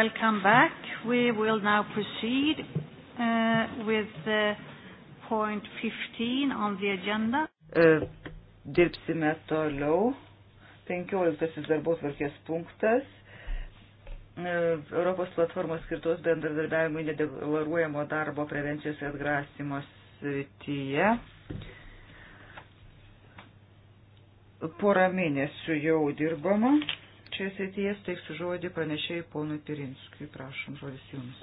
Welcome back. We will now proceed uh, with the point 15 on the agenda. Uh, dirbsime toliau. 15 darbos varkės punktas. Uh, Europos platformos skirtos bendradarbiavimui nedeklaruojamo darbo prevencijos ir atgrasimo srityje. Porą mėnesių jau dirbama šioje srityje steiksiu žodį pranešėjai ponui Pirinskui. Prašom, žodis jums.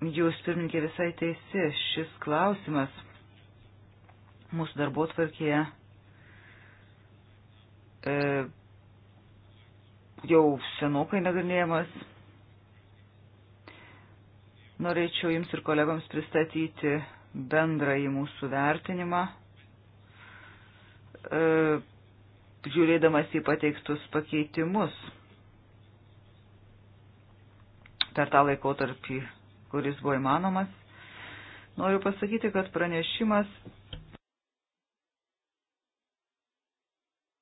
Jūs, pirmininkė, visai teisi. Šis klausimas mūsų darbo tvarkėje e, jau senokai nagrinėjamas. Norėčiau jums ir kolegams pristatyti bendrąjį mūsų vertinimą, e, žiūrėdamas į pateiktus pakeitimus per tą laikotarpį, kuris buvo įmanomas. Noriu pasakyti, kad pranešimas.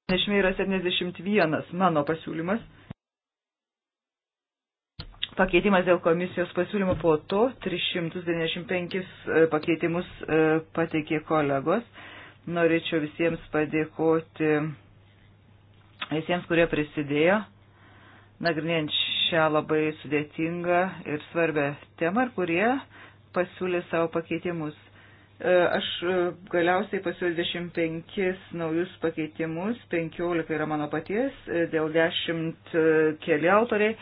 Pranešime yra 71 mano pasiūlymas pakeitimas dėl komisijos pasiūlymų po to 395 e, pakeitimus e, pateikė kolegos. Norėčiau visiems padėkoti visiems, kurie prisidėjo, nagrinėjant šią labai sudėtingą ir svarbę temą, ir kurie pasiūlė savo pakeitimus. E, aš galiausiai pasiūliau 25 naujus pakeitimus, 15 yra mano paties, dėl 10 keli autoriai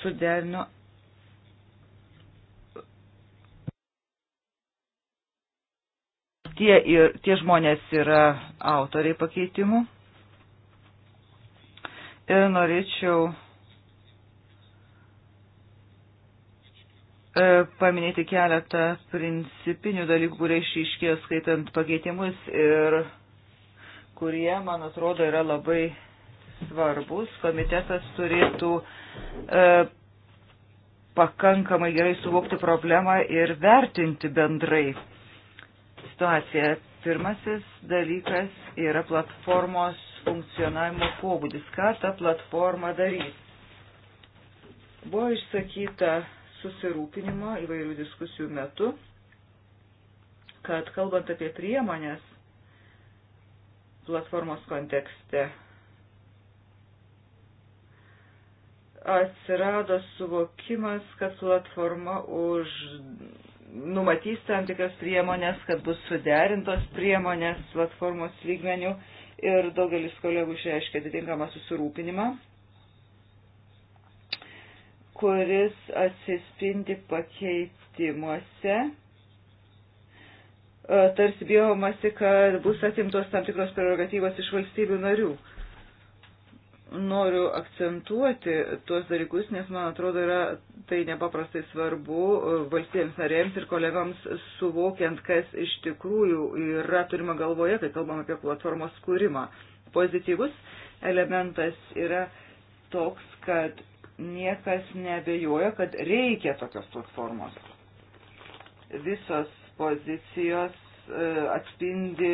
suderino tie, ir, tie žmonės yra autoriai pakeitimų. Ir norėčiau e, paminėti keletą principinių dalykų, kurie išiškėjo skaitant pakeitimus ir kurie, man atrodo, yra labai svarbus. Komitetas turėtų e, pakankamai gerai suvokti problemą ir vertinti bendrai situaciją. Pirmasis dalykas yra platformos funkcionavimo pobūdis. Ką ta platforma darys? Buvo išsakyta susirūpinimo įvairių diskusijų metu, kad kalbant apie priemonės platformos kontekste, atsirado suvokimas, kad platforma už numatys tam tikras priemonės, kad bus suderintos priemonės platformos lygmenių ir daugelis kolegų išreiškia atitinkamą susirūpinimą, kuris atsispindi pakeitimuose. E, tarsi bijomasi, kad bus atimtos tam tikros prerogatyvos iš valstybių narių noriu akcentuoti tuos dalykus, nes man atrodo yra tai nepaprastai svarbu e, valstybėms narėms ir kolegams suvokiant, kas iš tikrųjų yra turima galvoje, kai kalbam apie platformos kūrimą. Pozityvus elementas yra toks, kad niekas nebejoja, kad reikia tokios platformos. Visos pozicijos e, atspindi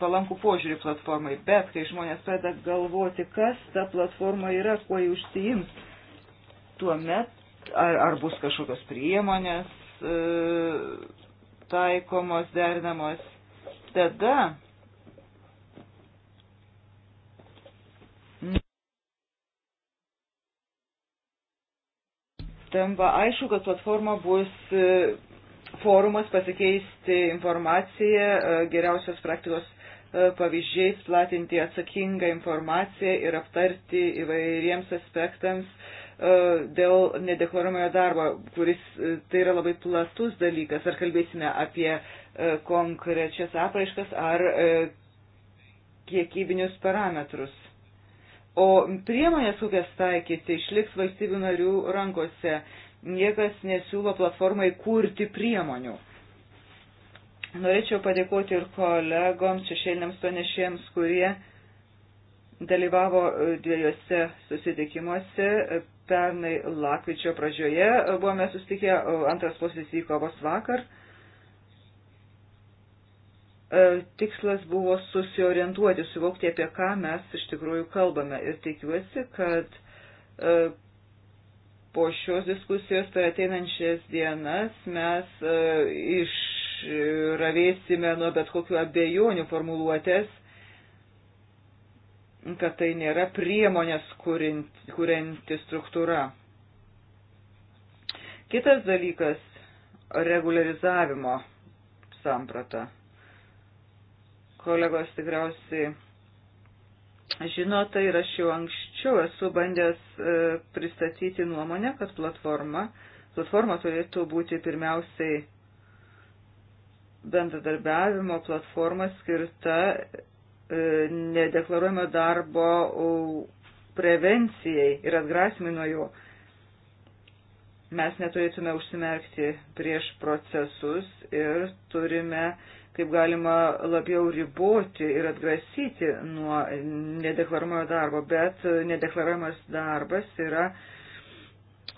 palankų požiūrį platformai, bet kai žmonės pradeda galvoti, kas ta platforma yra, kuo jį užsiims, tuomet ar, ar bus kažkokios priemonės e, taikomos, derinamos, tada tampa aišku, kad platforma bus e, forumas pasikeisti informaciją, e, geriausios praktikos e, pavyzdžiais, platinti atsakingą informaciją ir aptarti įvairiems aspektams e, dėl nedeklaruojamojo darbo, kuris tai yra labai platus dalykas. Ar kalbėsime apie konkrečias apraiškas ar kiekybinius parametrus. O priemonės, kokias taikyti, išliks valstybių narių rankose niekas nesiūlo platformai kurti priemonių. Norėčiau padėkoti ir kolegoms, šešėliniams panešėjams, kurie dalyvavo e, dviejose susitikimuose. Pernai lakvičio pradžioje buvome susitikę, antras posėdis vyko vos vakar. E, tikslas buvo susiorientuoti, suvokti, apie ką mes iš tikrųjų kalbame. Ir tikiuosi, kad e, po šios diskusijos per ateinančias dienas mes e, išravėsime nuo bet kokių abejonių formuluotės, kad tai nėra priemonės kurianti struktūra. Kitas dalykas - regularizavimo samprata. Kolegos tikriausiai žino tai ir aš jau anksčiau anksčiau esu bandęs e, pristatyti nuomonę, kad platforma, platforma turėtų būti pirmiausiai bendradarbiavimo platforma skirta e, nedeklaruojamo darbo prevencijai ir atgrasimui nuo jo. Mes neturėtume užsimerkti prieš procesus ir turime uh, kaip galima labiau riboti ir atgrasyti nuo nedeklaruojamo darbo, bet nedeklaruojamas darbas yra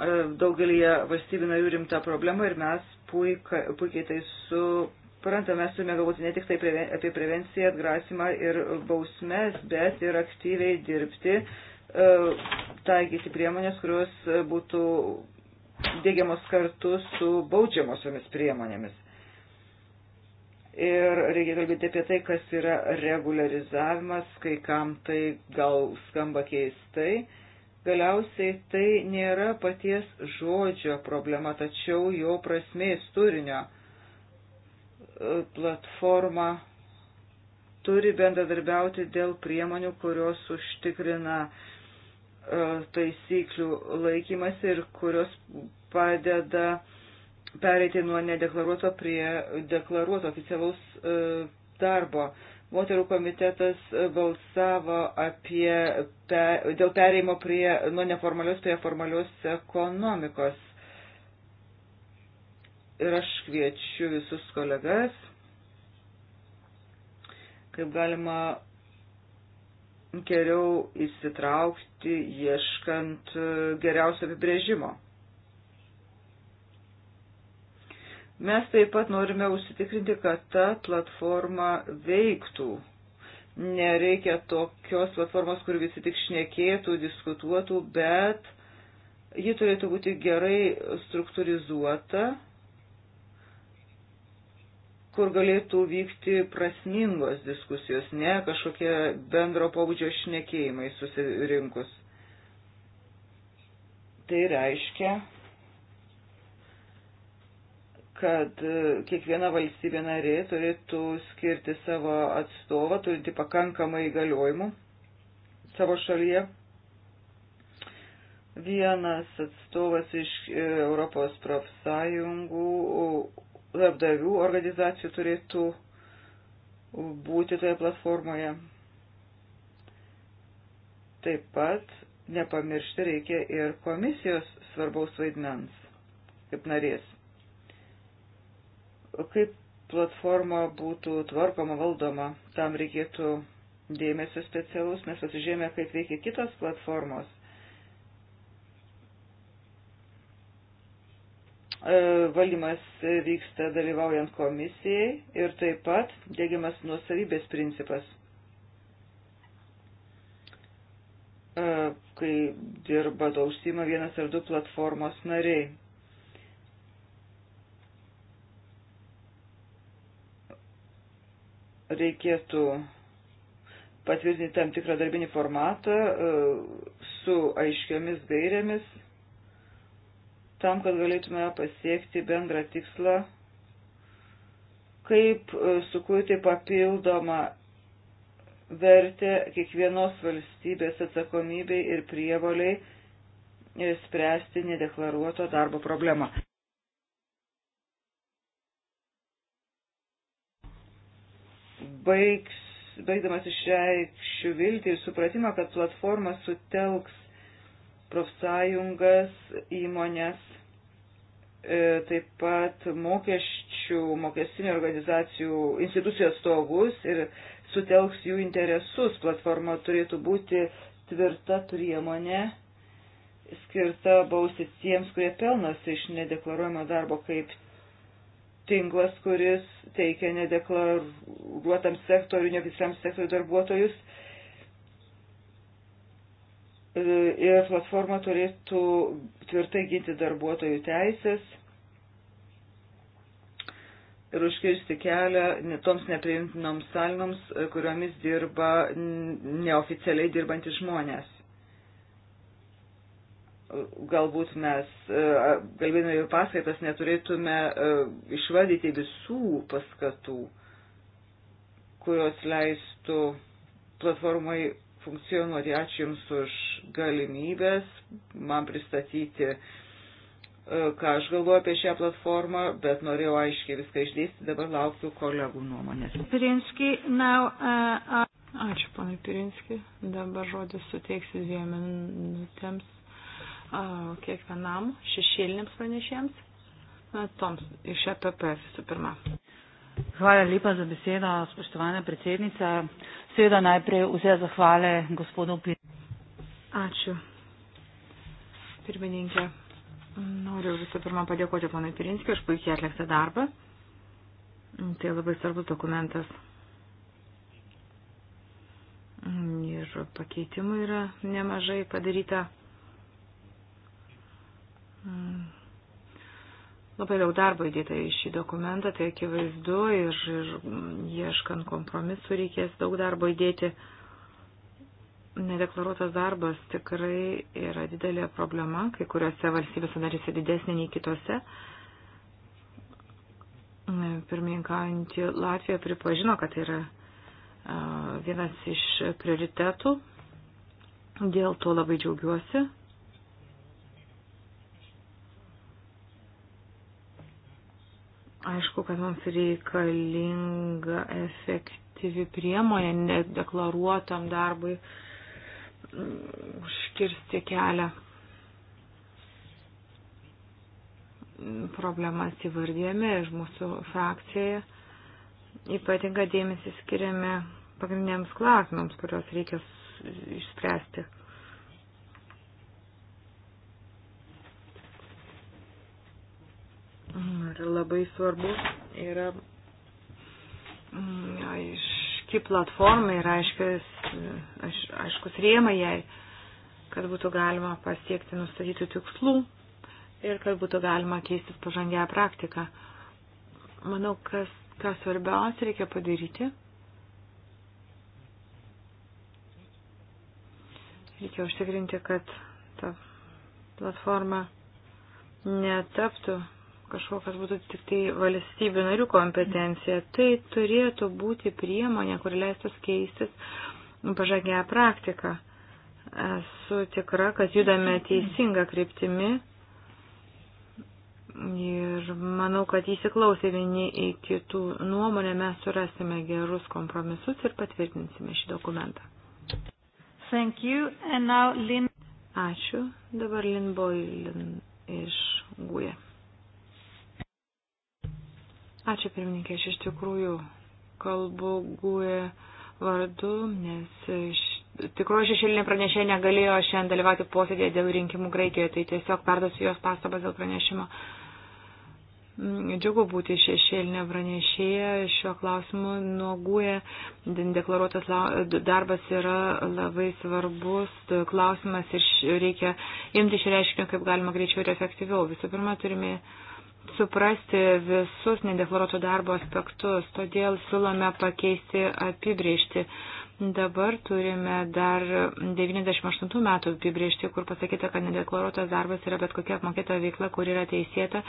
e, daugelį valstybių narių rimta problema ir mes puika, puikiai tai suprantame, mes turime galvoti ne tik tai preven, apie prevenciją, atgrasimą ir bausmes, bet ir aktyviai dirbti, e, taikyti priemonės, kurios būtų dėgiamos kartu su baudžiamosiomis priemonėmis. Ir reikia kalbėti apie tai, kas yra regularizavimas, kai kam tai gal skamba keistai. Galiausiai tai nėra paties žodžio problema, tačiau jo prasmės turinio e, platforma turi bendradarbiauti dėl priemonių, kurios užtikrina e, taisyklių laikymas ir kurios padeda pereiti nuo nedeklaruoto prie deklaruoto oficialaus e, darbo. Moterų komitetas e, balsavo apie, pe, dėl pereimo prie, nuo neformalios prie formalios ekonomikos. Ir aš kviečiu visus kolegas, kaip galima geriau įsitraukti, ieškant e, geriausio apibrėžimo. Mes taip pat norime užsitikrinti, kad ta platforma veiktų. Nereikia tokios platformos, kur visi tik šnekėtų, diskutuotų, bet ji turėtų būti gerai struktūrizuota, kur galėtų vykti prasmingos diskusijos, ne kažkokie bendro pobūdžio šnekėjimai susirinkus. Tai reiškia, kad e, kiekviena valstybė narė turėtų skirti savo atstovą, turinti pakankamai įgaliojimų savo šalyje. Vienas atstovas iš e, Europos profsąjungų, darbdavių organizacijų turėtų būti toje platformoje. Taip pat nepamiršti reikia ir komisijos svarbaus vaidmens kaip narės kaip platforma būtų tvarkoma, valdoma. Tam reikėtų dėmesio specialus, mes pasižiūrėjome, kaip veikia kitos platformos. E, valdymas vyksta dalyvaujant komisijai ir taip pat dėgiamas nuosavybės principas. E, kai dirba to užsima vienas ar du platformos nariai. reikėtų patvirtinti tam tikrą darbinį formatą e, su aiškiomis gairėmis, tam, kad galėtume pasiekti bendrą tikslą, kaip e, sukurti papildomą vertę kiekvienos valstybės atsakomybei ir prievoliai e, spręsti nedeklaruoto darbo problemą. baigs, baigdamas išreikščiu viltį ir supratimą, kad platforma sutelks profsąjungas, įmonės, e, taip pat mokesčių, mokestinių organizacijų, institucijų atstovus ir sutelks jų interesus. Platforma turėtų būti tvirta priemonė skirta bausti tiems, kurie pelnosi iš nedeklaruojamo darbo kaip tinklas, kuris teikia nedeklaruotam sektoriui, neoficialiam sektoriui darbuotojus. E, ir platforma turėtų tvirtai ginti darbuotojų teisės ir užkirsti kelią toms nepriimtinoms sąlygoms, kuriomis dirba neoficialiai dirbantys žmonės galbūt mes, galbėdami e, apie paskaitas, neturėtume e, išvadyti visų paskatų, kurios leistų platformai funkcionuoti. Ačiū Jums už galimybės man pristatyti, e, ką aš galvoju apie šią platformą, bet norėjau aiškiai viską išdėstyti, dabar laukiu kolegų nuomonės. Pirinski, now, uh, uh... Ačiū, panai Pirinski. Dabar žodis suteiksiu dviem minutėms kiekvienam šešėliniams pranešėjams, toms iš EPP visų pirma. Hvala lepa za besedo, spoštovana predsednica. Seveda najprej vse zahvale gospodu Pir. Ačiū. Pirmininkė, noriu visų pirma padėkoti ponui Pirinskiu už puikiai atliktą darbą. Tai labai svarbus dokumentas. Ir pakeitimų yra nemažai padaryta. Mm. Labai daug darbo įdėta į šį dokumentą, tai akivaizdu ir, ir ieškant kompromisų reikės daug darbo įdėti. Nedeklaruotas darbas tikrai yra didelė problema, kai kuriuose valstybėse narėse didesnė nei kitose. Pirmininkaujantį Latviją pripažino, kad tai yra vienas iš prioritetų. Dėl to labai džiaugiuosi. Aišku, kad mums reikalinga efektyvi priemonė nedeklaruotam darbui mm, užkirsti kelią. Problemas įvardėme iš mūsų frakcijoje. Ypatinga dėmesį skiriame pagrindiniams klausimams, kuriuos reikia išspręsti. ir labai svarbu yra mm, aiški platforma ir aiškis, aiš, aiškus rėmai jai, kad būtų galima pasiekti nustatytų tikslų ir kad būtų galima keistis pažangę praktiką. Manau, kas, ką svarbiausia reikia padaryti. Reikia užtikrinti, kad ta platforma netaptų kažkokias būtų tik tai valstybių narių kompetencija. Tai turėtų būti priemonė, kuri leistų keistis pažagę praktiką. Esu tikra, kad judame teisinga kryptimi. Ir manau, kad įsiklausę vieni į kitų nuomonę mes surasime gerus kompromisus ir patvirtinsime šį dokumentą. Thank you. And now Lin... Ačiū. Dabar Lin Boylin iš Guje. Ačiū pirmininkė, aš iš tikrųjų kalbu guė e vardu, nes iš tikroji šešėlinė pranešė negalėjo šiandien dalyvauti posėdėje dėl rinkimų Graikijoje, tai tiesiog perdosiu jos pastabas dėl pranešimo. Mm, džiugu būti šešėlinė pranešėja šiuo klausimu nuoguoja. E deklaruotas darbas yra labai svarbus klausimas ir reikia imti šį reiškinį kaip galima greičiau ir efektyviau. Visų pirma, turime suprasti visus nedeklaruoto darbo aspektus, todėl siūlome pakeisti apibriežti Dabar turime dar 98 metų apibriežti, kur pasakyta, kad nedeklaruotas darbas yra bet kokia apmokėta veikla, kur yra teisėta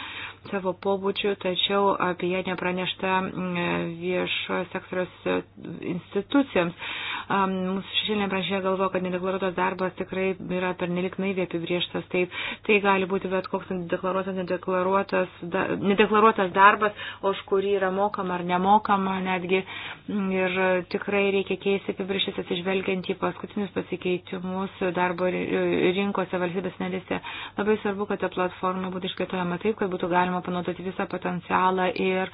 savo pobūdžių, tačiau apie ją nepranešta mm, viešo sektoriaus e, institucijoms. Mūsų šiandien pranešė galvo, kad nedeklaruotas darbas tikrai yra pernelik naiviai apibriežtas. Taip, tai gali būti bet koks nedeklaruotas, nedeklaruotas, da, nedeklaruotas darbas, už kurį yra mokama ar nemokama netgi. Ir tikrai reikia keisti apibrištis atsižvelgiant į paskutinius pasikeitimus darbo rinkose valstybės narėse. Labai svarbu, kad ta platforma būtų iškaitojama taip, kad būtų galima panaudoti visą potencialą ir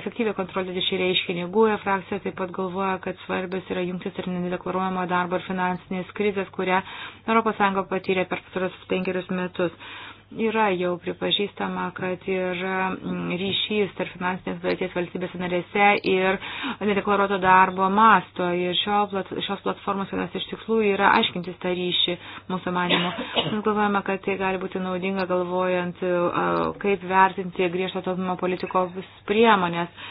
efektyviai kontroliuoti šį reiškinį. GUE frakcija taip pat galvoja, kad svarbios yra jungtis ir nedeklaruojamo darbo ir finansinės krizės, kurią ES patyrė per pasaros penkerius metus. Yra jau pripažįstama, kad yra mm, ryšys tarp finansinės padėties valstybės narėse ir nedeklaruoto darbo masto. Ir šio, šios platformos vienas iš tikslų yra aiškintis tą ryšį mūsų manimu. Mes galvojame, kad tai gali būti naudinga galvojant, e, kaip vertinti griežto taupimo politikos priemonės.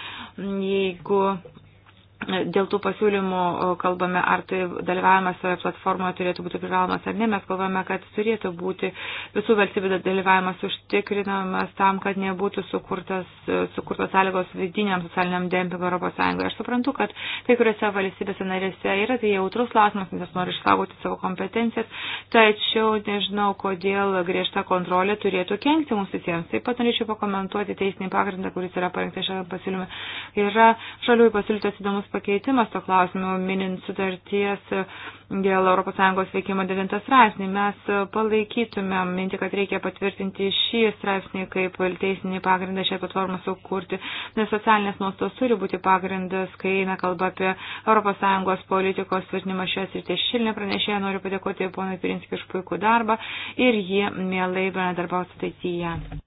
Jeigu dėl tų pasiūlymų kalbame, ar tai dalyvavimas platformoje turėtų būti privalomas ar ne, mes kalbame, kad turėtų būti visų valstybių dalyvavimas užtikrinamas tam, kad nebūtų sukurtas, e, sukurtos sąlygos vidiniam socialiniam dempingui Europos Sąjungoje. Aš suprantu, kad kai kuriuose valstybėse narėse yra tai jautrus klausimas, nes nori išsaugoti savo kompetencijas, tačiau nežinau, kodėl griežta kontrolė turėtų kenkti mums visiems. Taip pat norėčiau pakomentuoti teisinį pagrindą, kuris yra parengtas šiame pasiūlyme. Yra šalių pasiūlytas įdomus pakeitimas to klausimu, minint sutarties dėl ES veikimo 9 straipsnį. Mes palaikytumėm minti, kad reikia patvirtinti šį straipsnį kaip teisinį pagrindą šią platformą sukurti, nes socialinės nuostos turi būti pagrindas, kai eina kalba apie ES politikos tvirtinimą šioje srityje. Šilinė pranešėja noriu padėkoti ponui Pirinskiui už puikų darbą ir jie mielai bendradarbiaus ateityje.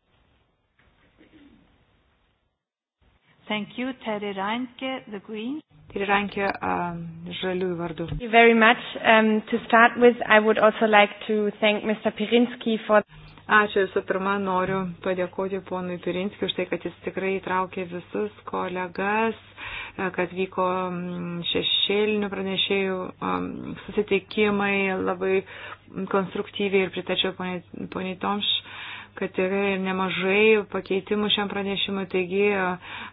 Thank you, Terry Reinke, The Greens. Terry Reinke, um, žaliųjų vardu. Thank you very much. Um, to start with, I would also like to thank Mr. Pirinski for. Ačiū visų pirma, noriu padėkoti ponui Pirinskiu už tai, kad jis tikrai įtraukė visus kolegas, e, kad vyko šešėlinių pranešėjų e, susitikimai labai konstruktyviai ir pritačiau poniai Tomš. Poni kad yra ir nemažai pakeitimų šiam pranešimui, taigi e,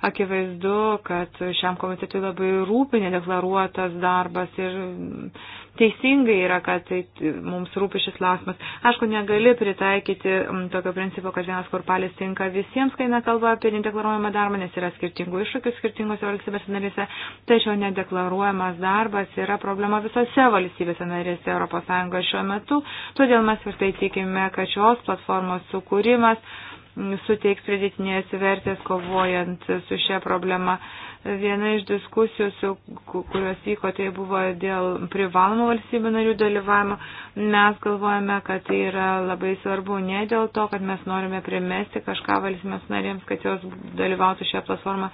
akivaizdu, kad šiam komitetui labai rūpi nedeklaruotas darbas ir teisingai yra, kad tai mums rūpi šis klausimas. Aišku, negali pritaikyti tokio principo, kad vienas korpalis tinka visiems, kai nekalba apie nedeklaruojamą darbą, nes yra skirtingų iššūkių skirtingose valstybės narėse, tačiau nedeklaruojamas darbas yra problema visose valstybėse narėse ES šiuo metu, todėl mes tvirtai tikime, kad šios platformos sukūrimas suteiks pridėtinės vertės kovojant su šia problema. Viena iš diskusijų, su, kurios vyko, tai buvo dėl privalomų valstybių narių dalyvavimo. Mes galvojame, kad tai yra labai svarbu ne dėl to, kad mes norime primesti kažką valstybės narėms, kad jos dalyvautų šią platformą,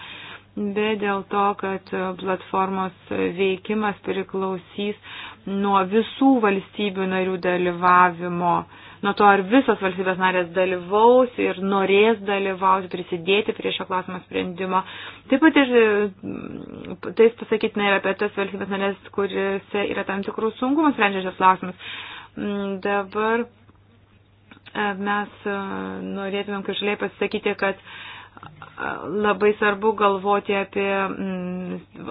bet dėl to, kad platformos veikimas priklausys nuo visų valstybių narių dalyvavimo. Uh, nuo to, ar visos valstybės narės dalyvaus ir norės dalyvauti, prisidėti prie šio klausimo sprendimo. Taip pat ir e, tais pasakytina ir apie tas valstybės narės, kuriuose yra tam tikrų sunkumų sprendžiant šios klausimus. Mm, dabar e, mes e, norėtumėm kažkaip pasakyti, kad labai svarbu galvoti apie mm,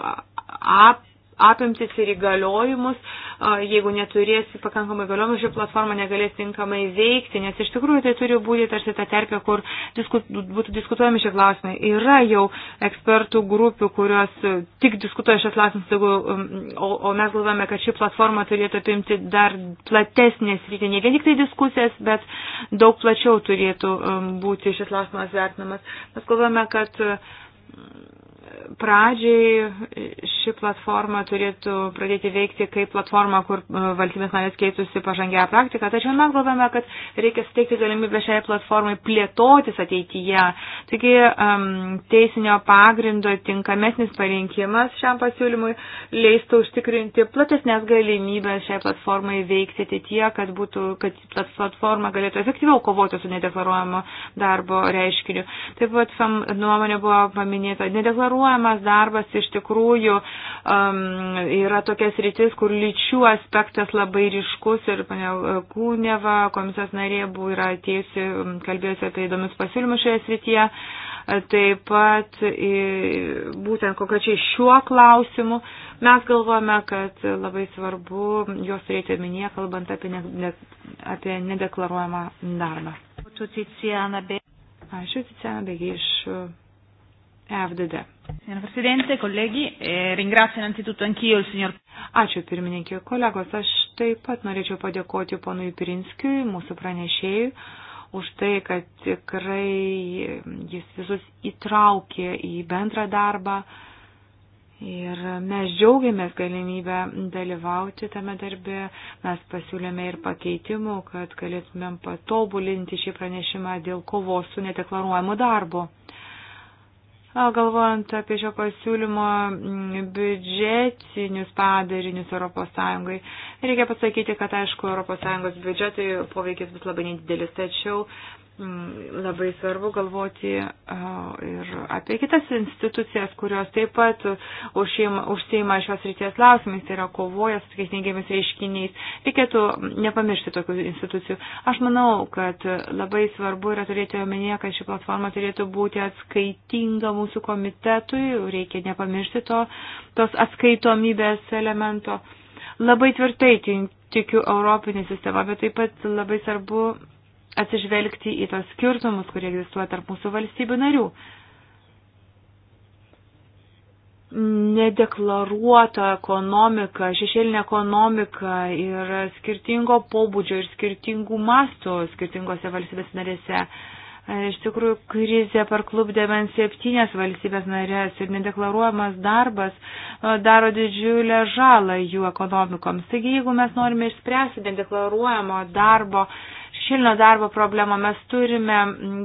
apimtis ir įgaliojimus jeigu neturėsi pakankamai galiojimų, ši platforma negalės tinkamai veikti, nes iš tikrųjų tai turi būti tarsi ta terpė, kur disku, būtų diskutuojami šie klausimai. Yra jau ekspertų grupių, kurios tik diskutuoja šios klausimus, um, o, o mes galvojame, kad ši platforma turėtų apimti dar platesnės rytį, ne vien tik tai diskusijas, bet daug plačiau turėtų um, būti šis klausimas vertinamas. Mes galvojame, kad pradžiai ši platforma turėtų pradėti veikti kaip platforma, kur e, valstybės narės keitusi pažangę praktiką. Tačiau mes galvojame, kad reikia suteikti galimybę šiai platformai plėtotis ateityje. Taigi teisinio pagrindo tinkamesnis parinkimas šiam pasiūlymui leistų užtikrinti platesnės galimybės šiai platformai veikti ateityje, kad, būtų, kad platforma galėtų efektyviau kovoti su nedeklaruojamo darbo reiškiniu. Taip pat nuomonė buvo paminėta nedeklaruojama vykdomas darbas iš tikrųjų um, yra tokias rytis, kur lyčių aspektas labai ryškus ir panė Kūneva, komisijos narė, buvo yra atėjusi, um, kalbėjusi apie įdomius pasiūlymus šioje srityje. Taip pat būtent kokačiai šiuo klausimu mes galvojame, kad labai svarbu juos turėti minėje, kalbant apie, ne, ne, apie nedeklaruojamą darbą. Ačiū, Ticiana Begė iš FDD. Signor Presidente, colleghi, eh, ringrazio innanzitutto anch'io il signor. Ačiū pirmininkė, kolegos, aš taip pat norėčiau padėkoti ponui Pirinskiui, mūsų pranešėjui, už tai, kad tikrai jis visus įtraukė į bendrą darbą ir mes džiaugiamės galimybę dalyvauti tame darbe, mes pasiūlėme ir pakeitimų, kad galėtumėm patobulinti šį pranešimą dėl kovos su nedeklaruojamu darbu galvojant apie šio pasiūlymo mm, biudžetinius padarinius ES. Reikia pasakyti, kad aišku, ES biudžetui poveikis bus labai nedidelis, tačiau Mm, labai svarbu galvoti ir apie kitas institucijas, kurios taip pat užsieima šios ryties klausimais, tai yra kovoja su tokiais neigiamis reiškiniais. Reikėtų nepamiršti tokių institucijų. Aš manau, kad labai svarbu yra turėti omenyje, kad ši platforma turėtų būti atskaitinga mūsų komitetui, reikia nepamiršti to, tos atskaitomybės elemento. Labai tvirtai tikiu Europinė sistema, bet taip pat labai svarbu atsižvelgti į tos skirtumus, kurie egzistuoja tarp mūsų valstybių narių. Nedeklaruota ekonomika, šešėlinė ekonomika yra skirtingo pobūdžio ir skirtingų mastų skirtingose valstybės narėse. Iš tikrųjų, krizė parklubdė bent septynės valstybės narės ir nedeklaruojamas darbas e, daro didžiulę žalą jų ekonomikoms. Taigi, jeigu mes norime išspręsti nedeklaruojamo darbo šilino darbo problemą. Mes turime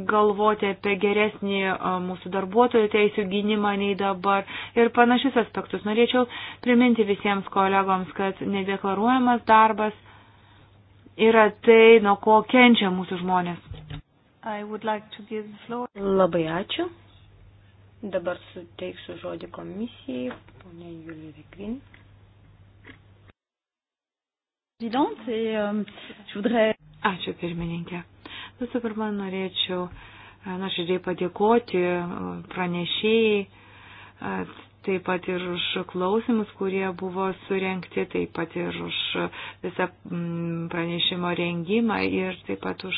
galvoti apie geresnį mūsų darbuotojų teisų gynimą nei dabar ir panašius aspektus. Norėčiau priminti visiems kolegoms, kad nedeklaruojamas darbas yra tai, nuo ko kenčia mūsų žmonės. Like Labai ačiū. Dabar suteiksiu žodį komisijai, ponia Julija Vikvin. Présidente, et euh, je voudrais Ačiū pirmininkė. Visų pirma, norėčiau e, nuoširdžiai padėkoti e, pranešėjai, e, taip pat ir už klausimus, kurie buvo surenkti, taip pat ir už visą pranešimo rengimą ir taip pat už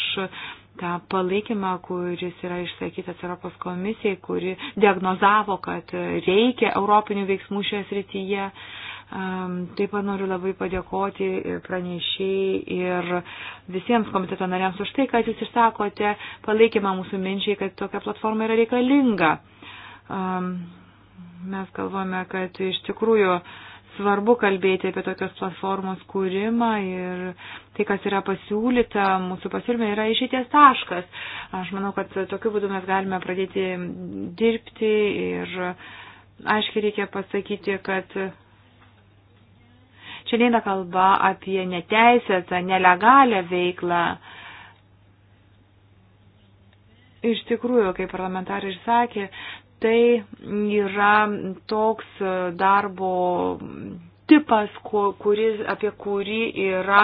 tą palaikymą, kuris yra išsakytas Europos komisijai, kuri diagnozavo, kad reikia europinių veiksmų šioje srityje. Taip pat noriu labai padėkoti pranešiai ir visiems komiteto nariams už tai, kad jūs išsakote palaikymą mūsų minčiai, kad tokia platforma yra reikalinga. Mes galvojame, kad iš tikrųjų svarbu kalbėti apie tokios platformos kūrimą ir tai, kas yra pasiūlyta, mūsų pasiūlyme yra išeities taškas. Aš manau, kad tokiu būdu mes galime pradėti dirbti ir aiškiai reikia pasakyti, kad Čia neina kalba apie neteisėtą, nelegalią veiklą. Iš tikrųjų, kaip parlamentarai ir sakė, tai yra toks darbo tipas, kuris, apie kurį yra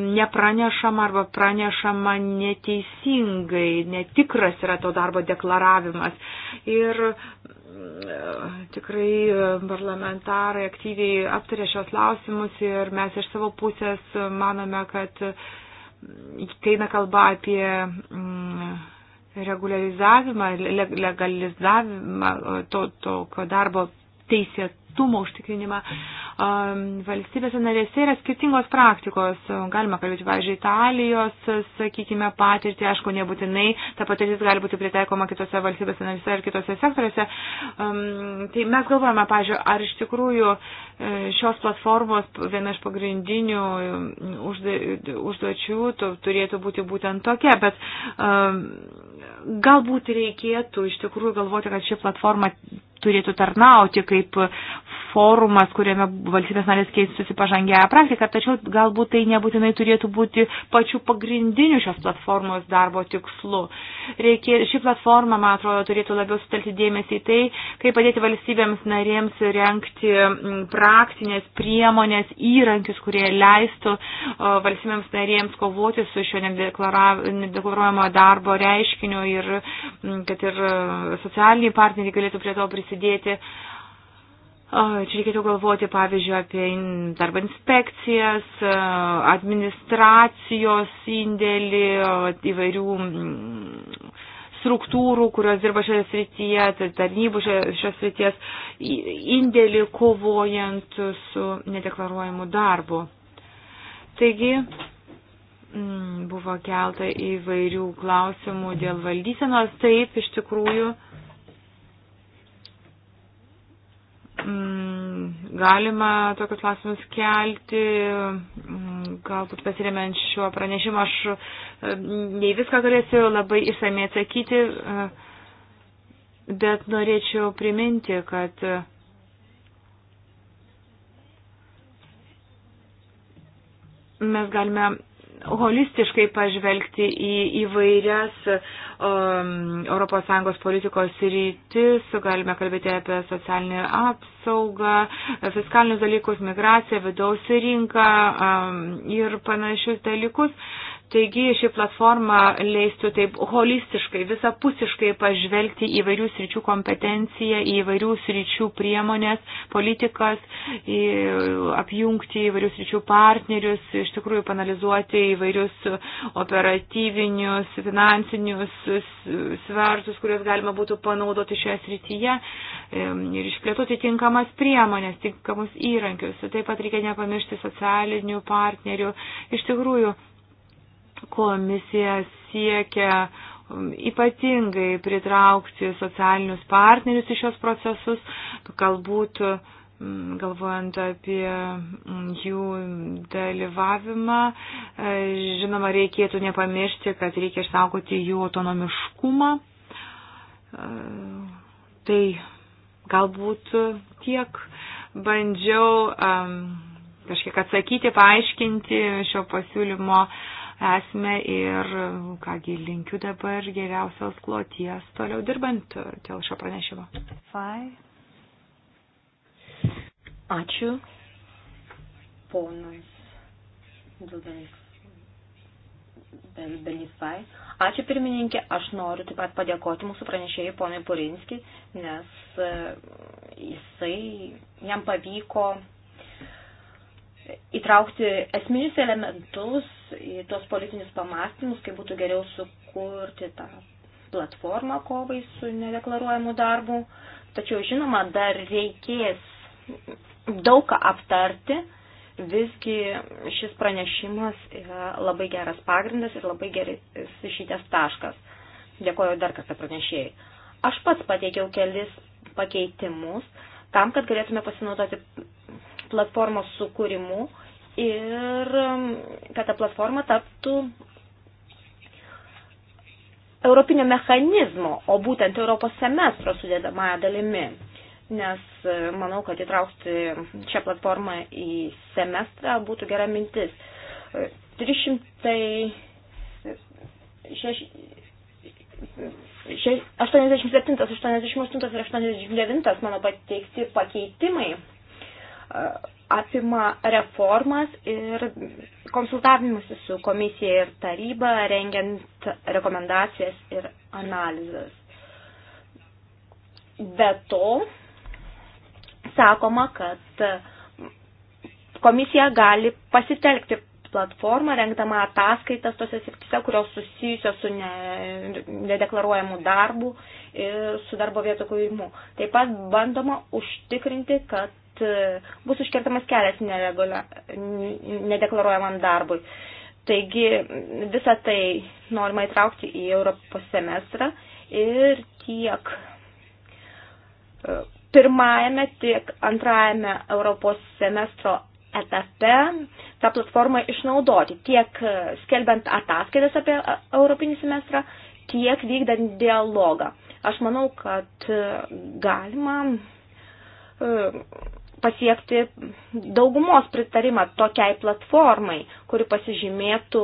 nepranešama arba pranešama neteisingai, netikras yra to darbo deklaravimas. Ir tikrai e, parlamentarai aktyviai aptarė šios klausimus ir mes iš savo pusės manome, kad kai eina kalba apie mm, reguliarizavimą, legalizavimą to, tokio darbo teisėtumo užtikrinimą, valstybėse narėse yra skirtingos praktikos. Galima kalbėti, pavyzdžiui, Italijos, sakykime, patirtį, aišku, nebūtinai ta patirtis gali būti pritaikoma kitose valstybėse narėse ar kitose sektoriuose. Tai mes galvojame, pavyzdžiui, ar iš tikrųjų e, šios platformos viena iš pagrindinių e, užduočių turėtų būti būtent tokia, bet galbūt reikėtų iš tikrųjų galvoti, kad ši platforma turėtų tarnauti kaip forumas, kuriame valstybės narės keistųsi pažangėją praktiką, tačiau galbūt tai nebūtinai turėtų būti pačių pagrindinių šios platformos darbo tikslu. Reikia, ši platforma, man atrodo, turėtų labiau sutelti dėmesį į tai, kaip padėti valstybėms narėms renkti mm, praktinės priemonės, įrankius, kurie leistų valstybėms narėms kovoti su šio nedeklaruojamo darbo reiškiniu ir mm, kad ir e, socialiniai partneriai galėtų prie to prisidėti prisidėti. Čia reikėtų galvoti, pavyzdžiui, apie darbo inspekcijas, administracijos indėlį, įvairių mm, struktūrų, kurios dirba šioje srityje, tai tarnybų šios srities indėlį kovojant su nedeklaruojamu darbu. Taigi, mm, buvo kelta įvairių klausimų dėl valdysenos, taip iš tikrųjų galima tokius klausimus kelti, mm, galbūt pasiremiant šiuo pranešimu, aš e, nei viską galėsiu labai išsamei atsakyti, e, bet norėčiau priminti, kad e, mes galime holistiškai pažvelgti į įvairias um, ES politikos rytis, galime kalbėti apie socialinį apsaugą, fiskalinius dalykus, migraciją, vidaus rinką um, ir panašius dalykus. Uh, Taigi ši platforma leistų taip holistiškai, visapusiškai pažvelgti į įvairių sričių kompetenciją, į įvairių sričių priemonės, politikas, į, apjungti įvairių sričių partnerius, iš tikrųjų panalizuoti įvairius operatyvinius, finansinius svertus, kuriuos galima būtų panaudoti šioje srityje ir išplėtoti tinkamas priemonės, tinkamus įrankius. Taip pat reikia nepamiršti socialinių partnerių. Iš tikrųjų, Komisija siekia um, ypatingai pritraukti socialinius partnerius į šios procesus, galbūt um, galvojant apie um, jų dalyvavimą. E, žinoma, reikėtų nepamiršti, kad reikia išsaugoti jų autonomiškumą. E, tai galbūt tiek bandžiau um, kažkiek atsakyti, paaiškinti šio pasiūlymo uh, esmę ir, kągi, linkiu dabar geriausios kloties toliau dirbant dėl šio pranešimo. Fai. Ačiū. Ponas Dudanis. Belisvai. Ačiū pirmininkė, aš noriu taip pat padėkoti mūsų pranešėjai ponui Purinski, nes e, jisai, jam pavyko įtraukti esminius elementus į tuos politinius pamastymus, kaip būtų geriau sukurti tą platformą kovai su nedeklaruojamu darbu. Tačiau, žinoma, dar reikės daug ką aptarti. Visgi šis pranešimas yra labai geras pagrindas ir labai geras išytės taškas. Dėkoju dar kartą pranešėjai. Aš pats pateikiau kelis pakeitimus tam, kad galėtume pasinaudoti platformos sukūrimu ir um, kad ta platforma taptų europinio mechanizmo, o būtent Europos semestro sudėdamąją dalimi. Nes e, manau, kad įtraukti šią platformą į semestrą būtų gera mintis. 387, e, 88 ir 89 mano pateikti pakeitimai apima reformas ir konsultavimusi su komisija ir taryba, rengiant rekomendacijas ir analizas. Be to, sakoma, kad komisija gali pasitelkti platformą, rengdama ataskaitas tose srityse, kurios susijusios su ne, nedeklaruojamu darbu ir su darbo vietų kūrimu. Taip pat bandoma užtikrinti, kad kad e, bus užkertamas kelias neregula, nedeklaruojamam darbui. Taigi visą tai norima įtraukti į Europos semestrą ir tiek e, pirmajame, tiek antrajame Europos semestro etape tą platformą išnaudoti, tiek e, skelbiant ataskaitas apie Europinį semestrą, tiek vykdant dialogą. Aš manau, kad galima pasiekti daugumos pritarimą tokiai platformai, kuri pasižymėtų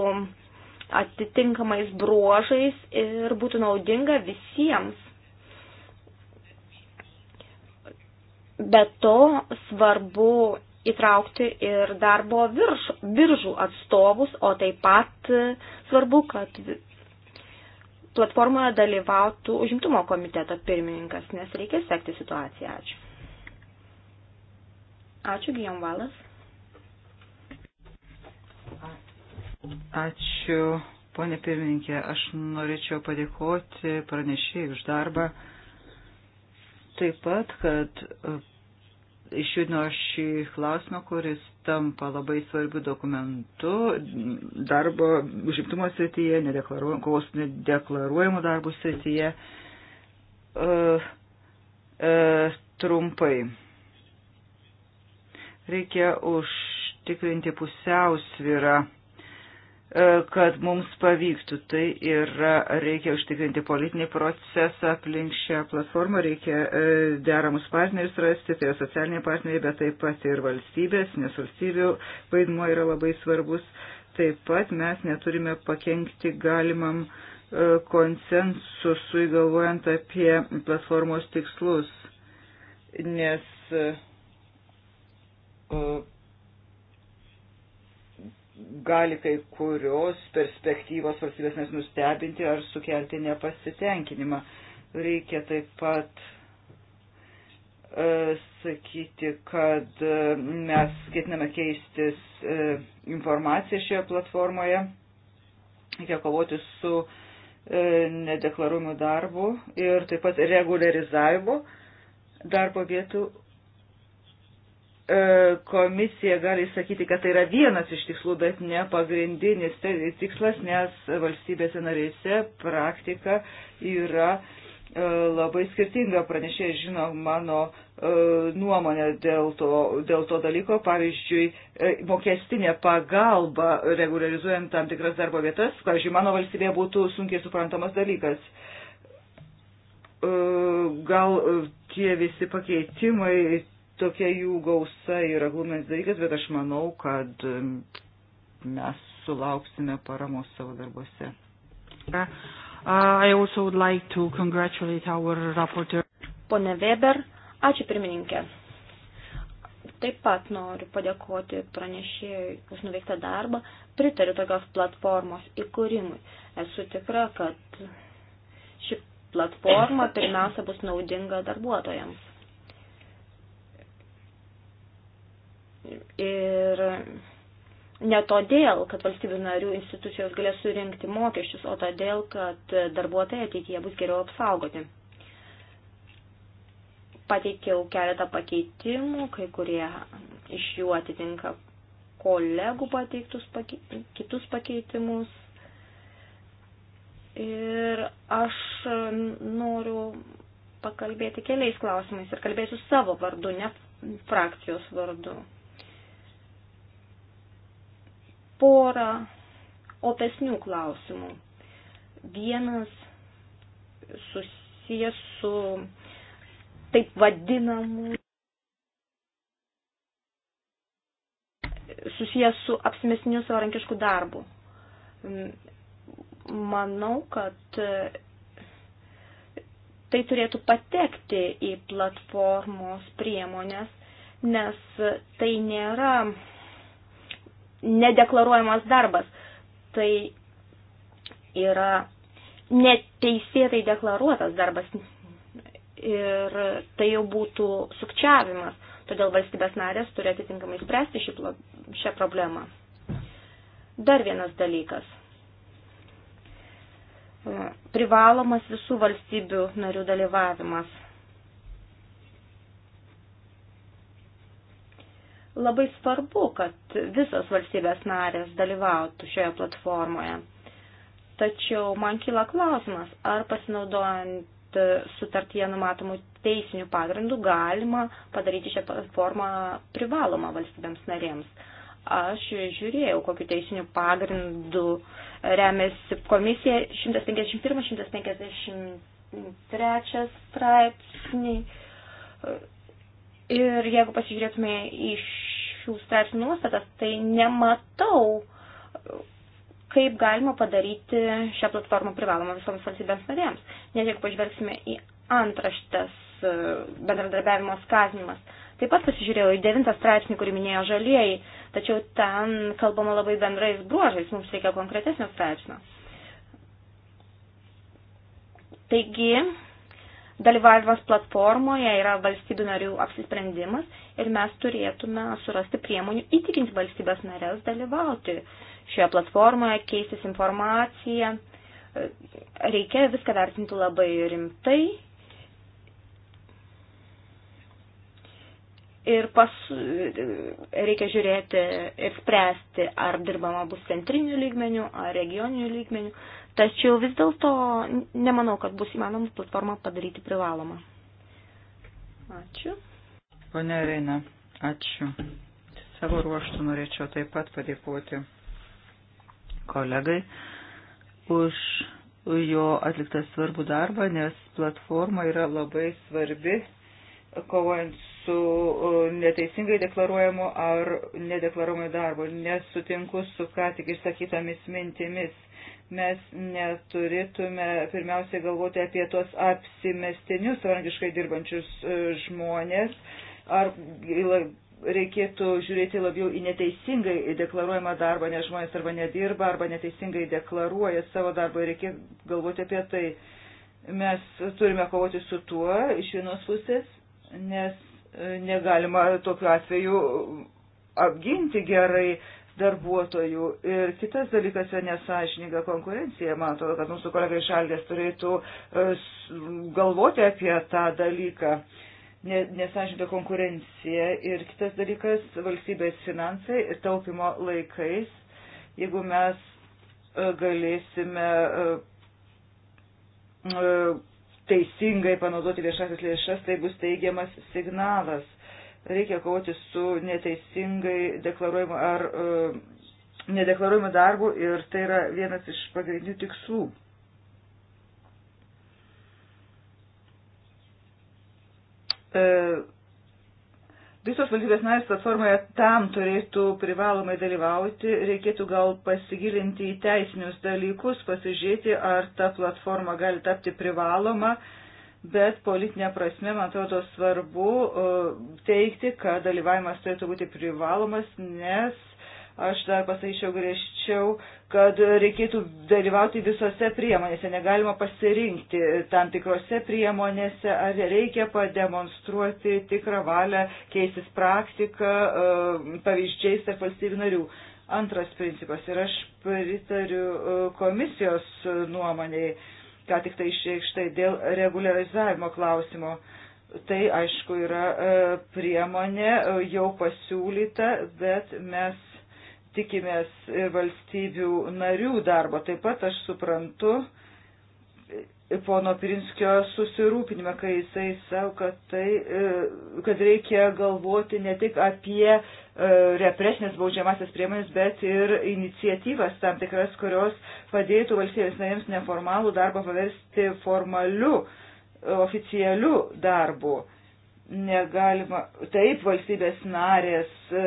atitinkamais bruožais ir būtų naudinga visiems. Be to svarbu įtraukti ir darbo virš, viržų atstovus, o taip pat svarbu, kad platformoje dalyvautų užimtumo komiteto pirmininkas, nes reikia sekti situaciją. Ačiū. Ačiū, Gijom Valas. Ačiū, ponė pirmininkė. Aš norėčiau padėkoti pranešėjai už darbą. Taip pat, kad e, išjudino šį klausimą, kuris tampa labai svarbiu dokumentu darbo užimtumo srityje, kovos nedeklaruojamų darbų srityje. Uh, e, uh, e, trumpai Reikia užtikrinti pusiausvyrą e, kad mums pavyktų. Tai yra, reikia užtikrinti politinį procesą aplink šią platformą, reikia e, deramus partnerius rasti, tai yra socialiniai partneriai, bet taip pat ir valstybės, nes valstybių vaidmuo yra labai svarbus. Taip pat mes neturime pakengti galimam e, konsensusui galvojant apie platformos tikslus, nes E, gali kai kurios perspektyvos valstybės nes nustebinti ar sukelti nepasitenkinimą. Reikia taip pat e, sakyti, kad e, mes ketiname keistis e, informaciją šioje platformoje. Reikia kovoti su e, nedeklaruojamu darbu ir taip pat reguliarizavimu darbo vietų E, komisija gali sakyti, kad tai yra vienas iš tikslų, bet ne pagrindinis tai tikslas, nes valstybėse narėse praktika yra e, labai skirtinga. Pranešė, žino mano e, nuomonę dėl to, dėl to dalyko. Pavyzdžiui, mokestinė pagalba regularizuojant tam tikras darbo vietas, pavyzdžiui, mano valstybėje būtų sunkiai suprantamas dalykas. Gal tie visi pakeitimai tokia jų gausa yra glūmės dalykas, bet aš manau, kad mes sulauksime paramos savo darbuose. Uh, like Pone Weber, ačiū pirmininkė. Taip pat noriu padėkoti pranešėjui už nuveiktą darbą, pritariu tokios platformos įkūrimui. Esu tikra, kad ši platforma pirmiausia bus naudinga darbuotojams Ir ne todėl, kad valstybių narių institucijos galės surinkti mokesčius, o todėl, kad darbuotojai ateityje bus geriau apsaugoti. Pateikiau keletą pakeitimų, kai kurie iš jų atitinka kolegų pateiktus pake, kitus pakeitimus. Ir aš noriu pakalbėti keliais klausimais ir kalbėsiu savo vardu, ne frakcijos vardu porą opesnių klausimų. Vienas susijęs su taip vadinamu susijęs su apsimesniu savarankišku darbu. Manau, kad tai turėtų patekti į platformos priemonės, nes tai nėra nedeklaruojamas darbas. Tai yra neteisėtai deklaruotas darbas ir tai jau būtų sukčiavimas. Todėl valstybės narės turi atitinkamai spręsti šį, šią problemą. Dar vienas dalykas. Privalomas visų valstybių narių dalyvavimas Labai svarbu, kad visos valstybės narės dalyvautų šioje platformoje. Tačiau man kyla klausimas, ar pasinaudojant sutartyje numatomų teisinių pagrindų galima padaryti šią platformą privalomą valstybėms narėms aš žiūrėjau, kokiu teisiniu pagrindu remiasi komisija 151-153 straipsniai. Ir jeigu pasižiūrėtume į šių straipsnių nuostatas, tai nematau, kaip galima padaryti šią platformą privalomą visoms valstybėms narėms. Nes jeigu pažvelgsime į antraštas e, bendradarbiavimo skatinimas. Taip pat pasižiūrėjau į devintą straipsnį, kurį minėjo žalieji, tačiau ten kalbama labai bendrais bruožais, mums reikia konkretesnio straipsnio. Taigi, Dalyvavimas platformoje yra valstybių narių apsisprendimas ir mes turėtume surasti priemonių įtikinti valstybės narės dalyvauti šioje platformoje, keistis informaciją. Reikia viską vertinti labai rimtai. Ir pas, reikia žiūrėti ir spręsti, ar dirbama bus centriniu lygmeniu, ar regioniniu lygmeniu. Tačiau vis dėlto nemanau, kad bus įmanoma platformą padaryti privalomą. Ačiū. Pone Reina, ačiū. Savo ruoštų norėčiau taip pat padėkoti kolegai už jo atliktą svarbų darbą, nes platforma yra labai svarbi kovojant su e, neteisingai deklaruojamu ar nedeklaruojamu darbu. Nesutinku su ką tik išsakytomis mintimis mes neturėtume pirmiausiai galvoti apie tos apsimestinius savarankiškai dirbančius e, žmonės, ar reikėtų žiūrėti labiau į neteisingai deklaruojamą darbą, nes žmonės arba nedirba, arba neteisingai deklaruoja savo darbą ir reikia galvoti apie tai. Mes turime kovoti su tuo iš vienos pusės, nes e, negalima tokiu atveju apginti gerai darbuotojų. Ir kitas dalykas yra nesažininga konkurencija. Man atrodo, kad mūsų kolegai šalės turėtų e, galvoti apie tą dalyką. Nesažininga konkurencija. Ir kitas dalykas - valstybės finansai ir taupimo laikais. Jeigu mes e, galėsime e, teisingai panaudoti viešasis lėšas, tai bus teigiamas signalas. Reikia kovoti su neteisingai deklaruojimu ar uh, nedeklaruojimu darbu ir tai yra vienas iš pagrindinių tikslų. Uh, Visos valstybės narės platformoje tam turėtų privalomai dalyvauti, reikėtų gal pasigilinti į teisinius dalykus, pasižiūrėti, ar ta platforma gali tapti privaloma, uh, bet politinė prasme, man atrodo, svarbu e, teikti, kad dalyvavimas turėtų būti privalomas, nes aš dar pasakyčiau griežčiau, kad reikėtų dalyvauti visose priemonėse, negalima pasirinkti tam tikrose priemonėse, ar reikia pademonstruoti tikrą valią, keisis praktiką, e, pavyzdžiais tarp valstybių narių. Antras principas ir aš pritariu e, komisijos nuomonėjai ką tik tai išreikštai dėl regularizavimo klausimo. Tai, aišku, yra e, priemonė e, jau pasiūlyta, bet mes tikimės valstybių narių darbo. Taip pat aš suprantu, pono Pirinskio susirūpinimą, kai jisai savo, kad, tai, e, kad reikia galvoti ne tik apie e, represinės baudžiamasias priemonės, bet ir iniciatyvas tam tikras, kurios padėtų valstybės narėms neformalų darbą paversti formaliu, oficialiu darbu. Negalima, taip valstybės narės e,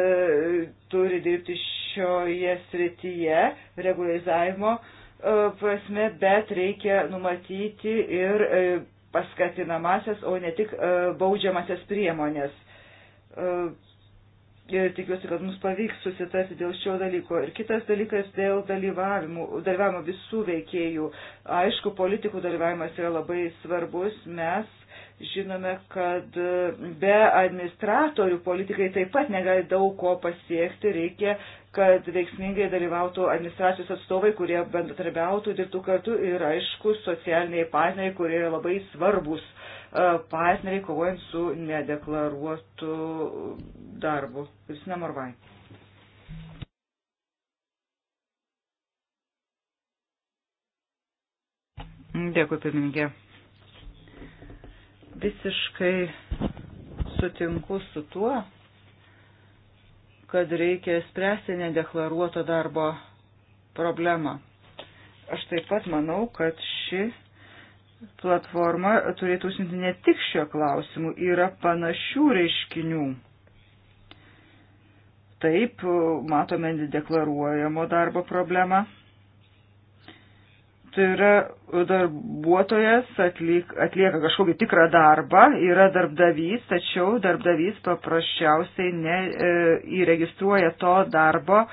turi dirbti šioje srityje regularizavimo, e, E, prasme, bet reikia numatyti ir e, paskatinamasias, o ne tik e, baudžiamasias priemonės. Ir tikiuosi, kad mums pavyks susitarti dėl šio dalyko. Ir kitas dalykas dėl dalyvavimo visų veikėjų. Aišku, politikų dalyvavimas yra labai svarbus. Mes žinome, kad be administratorių politikai taip pat negali daug ko pasiekti, reikia kad veiksmingai dalyvautų administracijos atstovai, kurie bendratarbiautų, dirbtų kartu ir aišku socialiniai partneriai, kurie yra labai svarbus e, partneriai kovojant su nedeklaruotu darbu. Kristina Morvai. Dėkui, pirmininkė. Visiškai sutinku su tuo, kad reikia spręsti nedeklaruoto darbo problemą. Aš taip pat manau, kad ši platforma turėtų užsimti ne tik šio klausimu, yra panašių reiškinių. Taip, matome deklaruojamo darbo problemą, yra darbuotojas, atliek, atlieka kažkokį tikrą darbą, yra darbdavys, tačiau darbdavys paprasčiausiai neįregistruoja e, to darbo e,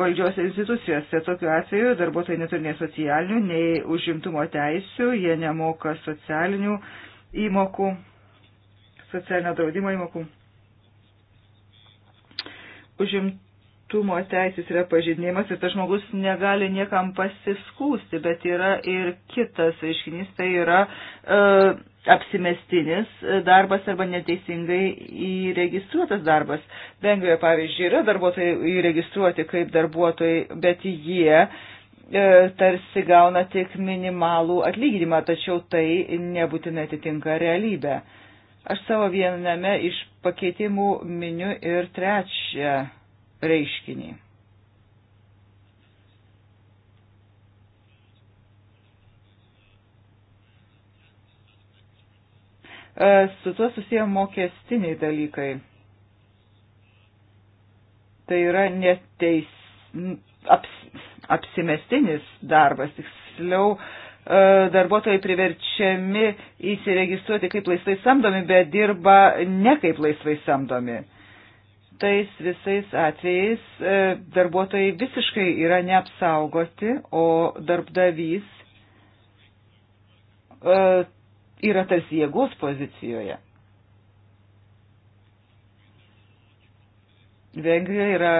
valdžios institucijose. Tokiu atveju darbuotojai neturi nei socialinių, nei užimtumo teisių, jie nemoka socialinių įmokų, socialinio draudimo įmokų. Užimt privatumo teisės yra pažydinėjimas ir tas žmogus negali niekam pasiskūsti, bet yra ir kitas reiškinys, tai yra e, apsimestinis darbas arba neteisingai įregistruotas darbas. Vengrijoje, pavyzdžiui, yra darbuotojai įregistruoti kaip darbuotojai, bet jie e, tarsi gauna tik minimalų atlyginimą, tačiau tai nebūtinai atitinka realybę. Aš savo viename iš pakeitimų miniu ir trečią reiškinį. E, su tuo susiję mokestiniai dalykai. Tai yra neteis, aps, apsimestinis darbas, tiksliau e, darbuotojai priverčiami įsiregistruoti kaip laisvai samdomi, bet dirba ne kaip laisvai samdomi tais visais atvejais e, darbuotojai visiškai yra neapsaugoti, o darbdavys e, yra tarsi jėgos pozicijoje. Vengrijoje yra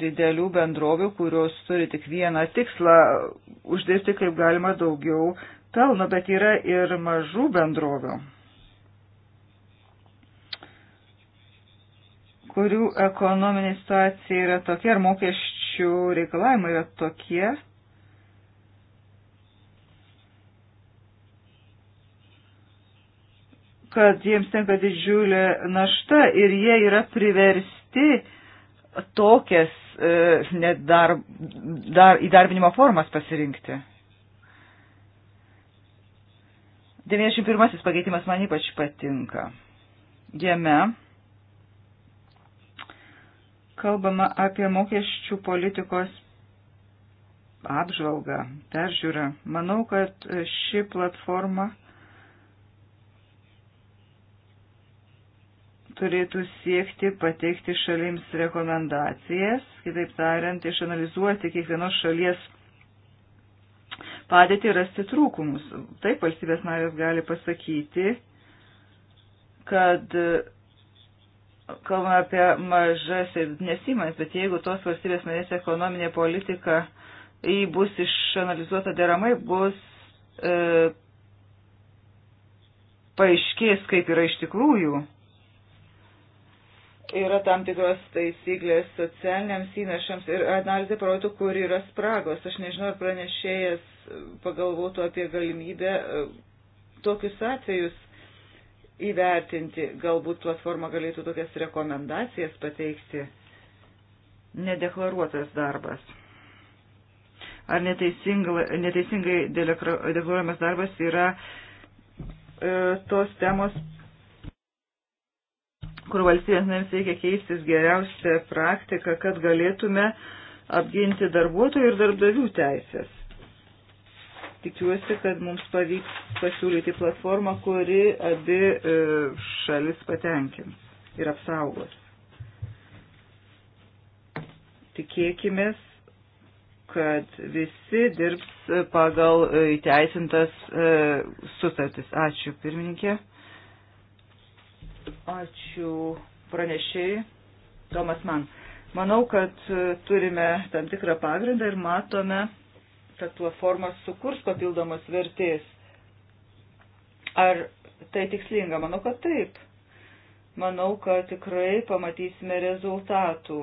didelių bendrovių, kurios turi tik vieną tikslą - uždirbti kaip galima daugiau pelno, bet yra ir mažų bendrovių kurių ekonominė situacija yra tokia, ar mokesčių reikalavimai yra tokie, kad jiems tenka didžiulė našta ir jie yra priversti tokias e, net dar, dar įdarbinimo formas pasirinkti. 91 pakeitimas man ypač patinka. Jame kalbama apie mokesčių politikos apžvalgą, peržiūrą. Manau, kad ši platforma turėtų siekti pateikti šalims rekomendacijas, kitaip tariant, išanalizuoti kiekvienos šalies padėti rasti trūkumus. Taip valstybės narės gali pasakyti, kad kalbame apie mažas ir nesimas, bet jeigu tos valstybės narės ekonominė politika jį bus išanalizuota deramai, bus e, paaiškės, kaip yra iš tikrųjų. Yra tam tikros taisyklės socialiniams įnašams ir analizė parodytų, kur yra spragos. Aš nežinau, ar pranešėjas pagalvotų apie galimybę e, tokius atvejus įvertinti. Galbūt platforma galėtų tokias rekomendacijas pateikti. Nedeklaruotas darbas. Ar neteisingai deklaruojamas darbas yra e, tos temos, kur valstybės narėms reikia keistis geriausią praktiką, kad galėtume apginti darbuotojų ir darbdavių teisės tikiuosi, kad mums pavyks pasiūlyti platformą, kuri abi e, šalis patenkins ir apsaugos. Tikėkime, kad visi dirbs pagal e, įteisintas e, sutartis. Ačiū, pirmininkė. Ačiū pranešėjai. Tomas man. Manau, kad turime tam tikrą pagrindą ir matome kad platformos sukurs papildomas vertės. Ar tai tikslinga? Manau, kad taip. Manau, kad tikrai pamatysime rezultatų.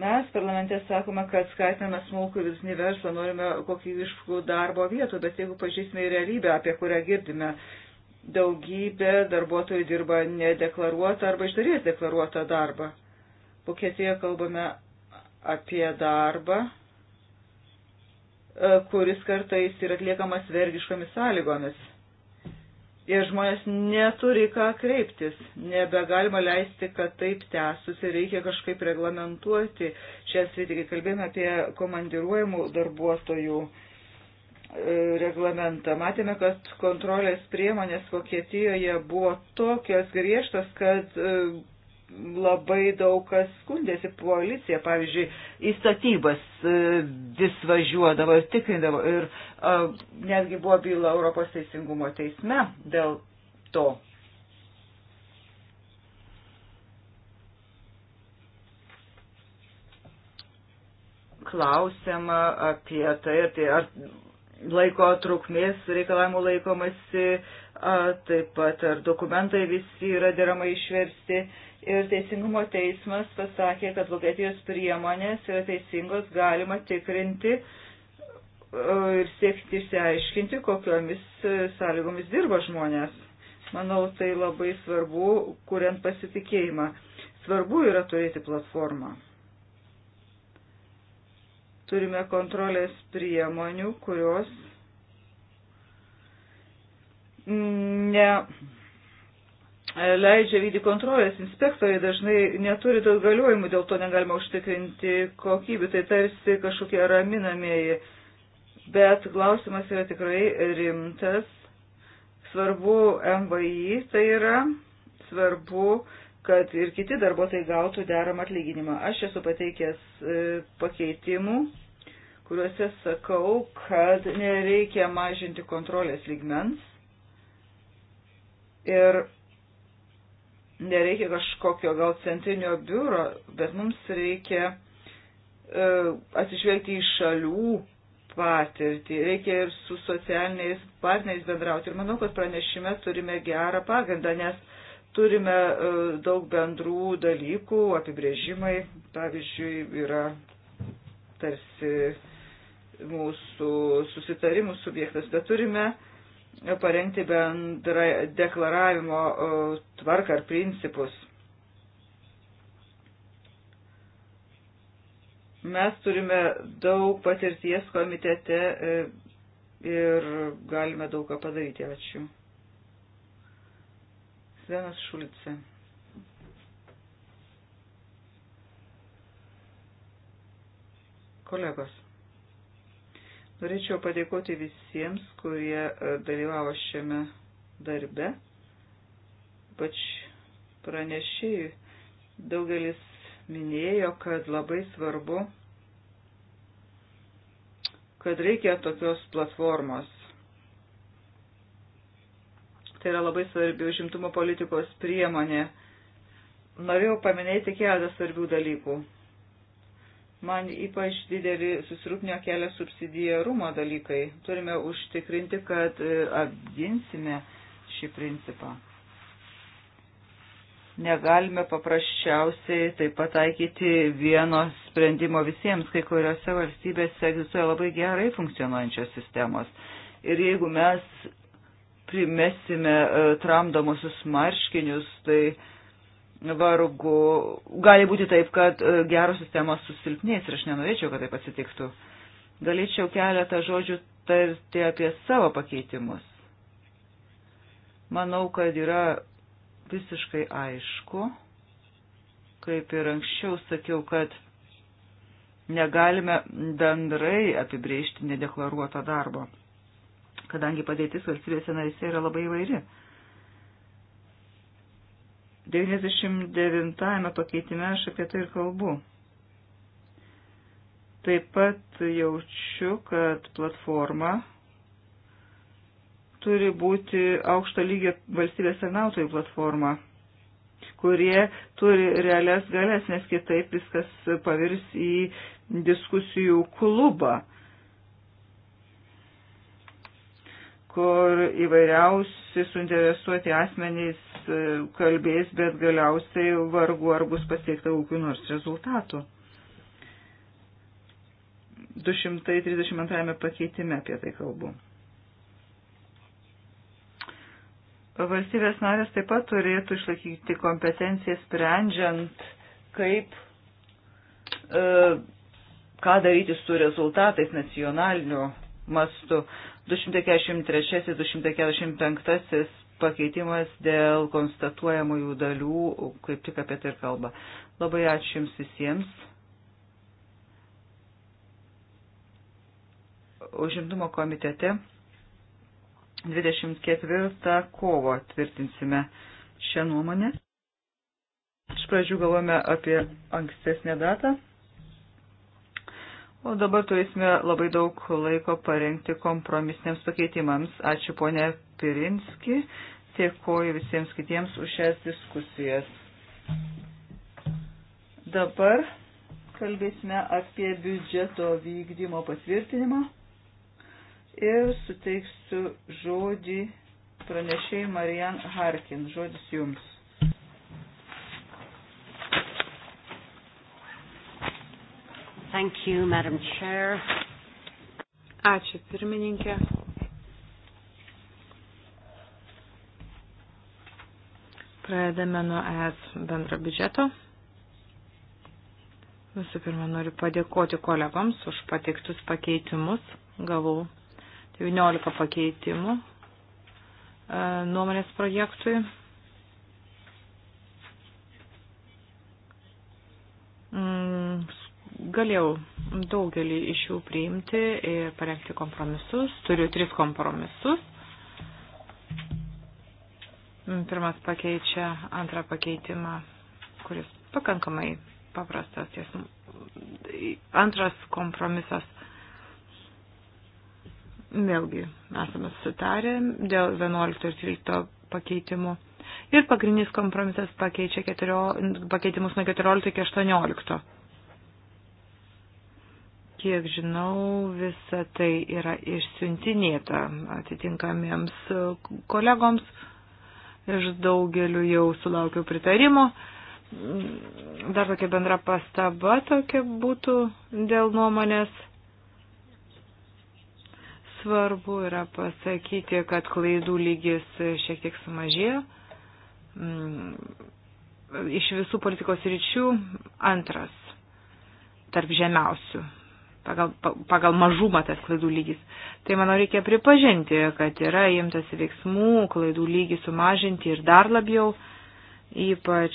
Mes parlamente sakome, kad skatiname smulkų vidutinį verslą, norime kokybiškų darbo vietų, bet jeigu pažįsime į realybę, apie kurią girdime, daugybė darbuotojų dirba nedeklaruotą arba iš dalies deklaruotą darbą. Vokietijoje kalbame apie darbą, E, kuris kartais yra atliekamas vergiškomis sąlygomis. Ir žmonės neturi ką kreiptis, nebegalima leisti, kad taip tęstusi, reikia kažkaip reglamentuoti. Šią sritį, kai kalbėjome apie komandiruojamų darbuotojų e, reglamentą, matėme, kad kontrolės priemonės Vokietijoje buvo tokios griežtos, kad e, labai daug kas skundėsi policija, pavyzdžiui, į statybas e, vis važiuodavo ir tikrindavo. Ir a, e, netgi buvo byla Europos teisingumo teisme dėl to. Klausiama apie tai, tai ar laiko trukmės reikalavimų laikomasi, a, taip pat ar dokumentai visi yra deramai išversti. A, Ir Teisingumo teismas pasakė, kad Vokietijos priemonės yra teisingos, galima tikrinti e, ir siekti išsiaiškinti, kokiomis e, sąlygomis dirba žmonės. Manau, tai labai svarbu, kuriant pasitikėjimą. Svarbu yra turėti platformą. Turime kontrolės priemonių, kurios ne leidžia vykdyti kontrolės, inspektoriai dažnai neturi daug galiojimų, dėl to negalima užtikrinti kokybę, tai tarsi kažkokie raminamieji. Bet klausimas yra tikrai rimtas, svarbu MVI tai yra, svarbu, kad ir kiti darbuotojai gautų deramą atlyginimą. Aš esu pateikęs e, pakeitimų, kuriuose sakau, kad nereikia mažinti kontrolės lygmens. Ir nereikia kažkokio gal centrinio biuro, bet mums reikia e, atsižvelgti į šalių patirtį, reikia ir su socialiniais partneriais bendrauti. Ir manau, kad pranešime turime gerą pagrindą, nes turime e, daug bendrų dalykų, apibrėžimai, pavyzdžiui, yra tarsi mūsų susitarimų subjektas, bet turime uh, parengti bendrą deklaravimo tvarką ar principus. Mes turime daug patirties komitete e, ir galime daug ką padaryti. Ačiū. Svenas Šulce. Kolegos. Norėčiau padėkoti visiems, kurie e, dalyvavo šiame darbe, ypač pranešėjai. Daugelis minėjo, kad labai svarbu, kad reikia tokios platformos. Tai yra labai svarbi užimtumo politikos priemonė. Norėjau paminėti keletą svarbių dalykų. Man ypač didelį susirūpnio kelia subsidijarumo dalykai. Turime užtikrinti, kad e, apginsime šį principą. Negalime paprasčiausiai taip pataikyti vieno sprendimo visiems, kai kuriuose valstybėse egzistuoja labai gerai funkcionuojančios sistemos. Ir jeigu mes primesime e, tramdomusius marškinius, tai uh, vargu. Gali būti taip, kad e, geros sistemos susilpnės ir aš nenorėčiau, kad taip atsitiktų. Galėčiau keletą žodžių tarti apie savo pakeitimus. Manau, kad yra visiškai aišku, kaip ir anksčiau sakiau, kad negalime bendrai apibrėžti nedeklaruoto darbo, kadangi padėtis valstybėse narise yra labai įvairi. 99 pakeitime aš apie tai ir kalbu. Taip pat jaučiu, kad platforma turi būti aukšto lygio valstybės tarnautojų platforma, kurie turi realias galės, nes kitaip viskas pavirs į diskusijų klubą kur įvairiausi suinteresuoti asmenys e, kalbės, bet galiausiai vargu ar bus pasiekta kokiu nors rezultatu. 232 pakeitime apie tai kalbu. Valstybės narės taip pat turėtų išlaikyti kompetenciją sprendžiant, kaip, e, ką daryti su rezultatais nacionaliniu mastu. E, 243-245 pakeitimas dėl konstatuojamųjų dalių, kaip tik apie tai ir kalba. Labai ačiū Jums visiems. Užimtumo komitete 24 kovo tvirtinsime šią nuomonę. Iš pradžių galvojame apie ankstesnę datą. O dabar turėsime labai daug laiko parengti kompromisiniams pakeitimams. Ačiū ponė Pirinski, dėkoju visiems kitiems už šias diskusijas. Dabar kalbėsime apie biudžeto vykdymo patvirtinimą ir suteiksiu žodį pranešėjai Marian Harkin. Žodis jums. Thank you, Madam Chair. Ačiū, pirmininkė. Pradedame nuo ES bendro biudžeto. Visų pirma, noriu padėkoti kolegoms už pateiktus pakeitimus. Gavau 19 pakeitimų e, nuomonės projektui. Galėjau daugelį iš jų priimti ir parengti kompromisus. Turiu tris kompromisus. Pirmas pakeičia antrą pakeitimą, kuris pakankamai paprastas. Antras kompromisas vėlgi esame sutarę dėl 11 ir 13 pakeitimų. Ir pagrindinis kompromisas pakeičia keturo, pakeitimus nuo 14 iki 18. Kiek žinau, visa tai yra išsiuntinėta atitinkamiems kolegoms. Iš daugelių jau sulaukiu pritarimo. Dar tokia bendra pastaba tokia būtų dėl nuomonės. Svarbu yra pasakyti, kad klaidų lygis šiek tiek sumažėjo mm, iš visų politikos ryčių antras tarp žemiausių pagal, pagal mažumą tas klaidų lygis. Tai manau reikia pripažinti, kad yra imtas veiksmų, klaidų lygį sumažinti ir dar labiau, ypač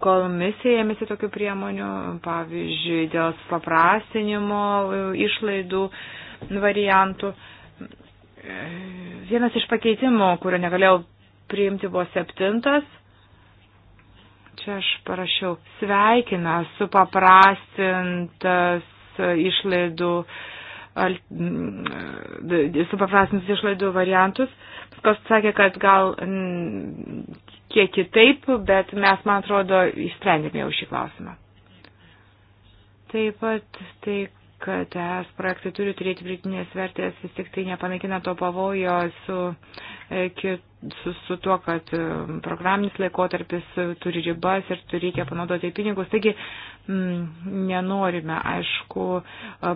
kol misija ėmėsi tokių priemonių, pavyzdžiui, dėl paprastinimo išlaidų variantų. Vienas iš pakeitimų, kurio negalėjau priimti, buvo septintas. Čia aš parašiau sveikina supaprastintas išlaidų, mm, supaprastinus išlaidų variantus. Kas sakė, kad gal mm, kiek kitaip, bet mes, man atrodo, išsprendėme jau šį klausimą. Taip pat tai, kad es projektai turi turėti pridinės vertės, vis tik tai nepanaikina to pavojo su uh, E, su, su tuo, kad e, programinis laikotarpis e, turi ribas ir reikia panaudoti pinigus. Taigi m, nenorime, aišku,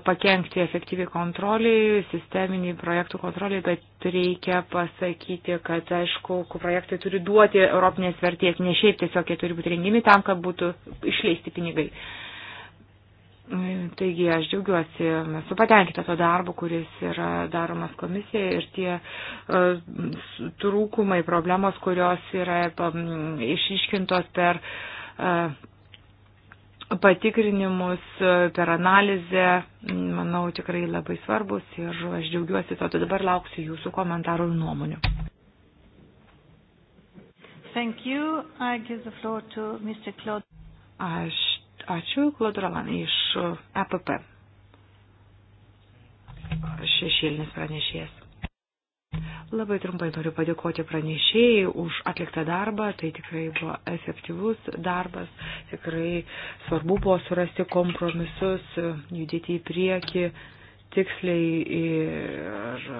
pakengti efektyviai kontroliai, sisteminiai projektų kontroliai, bet reikia pasakyti, kad, aišku, projektai turi duoti europinės vertės, ne šiaip tiesiog jie turi būti rengimi tam, kad būtų išleisti pinigai. Uh, Taigi aš džiaugiuosi, esu patenkinta to darbu, kuris yra daromas komisija ir tie uh, trūkumai, problemos, kurios yra um, išiškintos per uh, patikrinimus, e, per analizę, manau, tikrai labai svarbus ir aš džiaugiuosi to, tai dabar lauksiu jūsų komentarų ir nuomonių. Thank you. I give the floor to Mr. Claude. Aš Ačiū, Klodrolan, iš uh, EPP. Šešėlinis pranešėjas. Labai trumpai noriu padėkoti pranešėjai už atliktą darbą, tai tikrai buvo efektyvus darbas, tikrai svarbu buvo surasti kompromisus, judėti į priekį tiksliai ir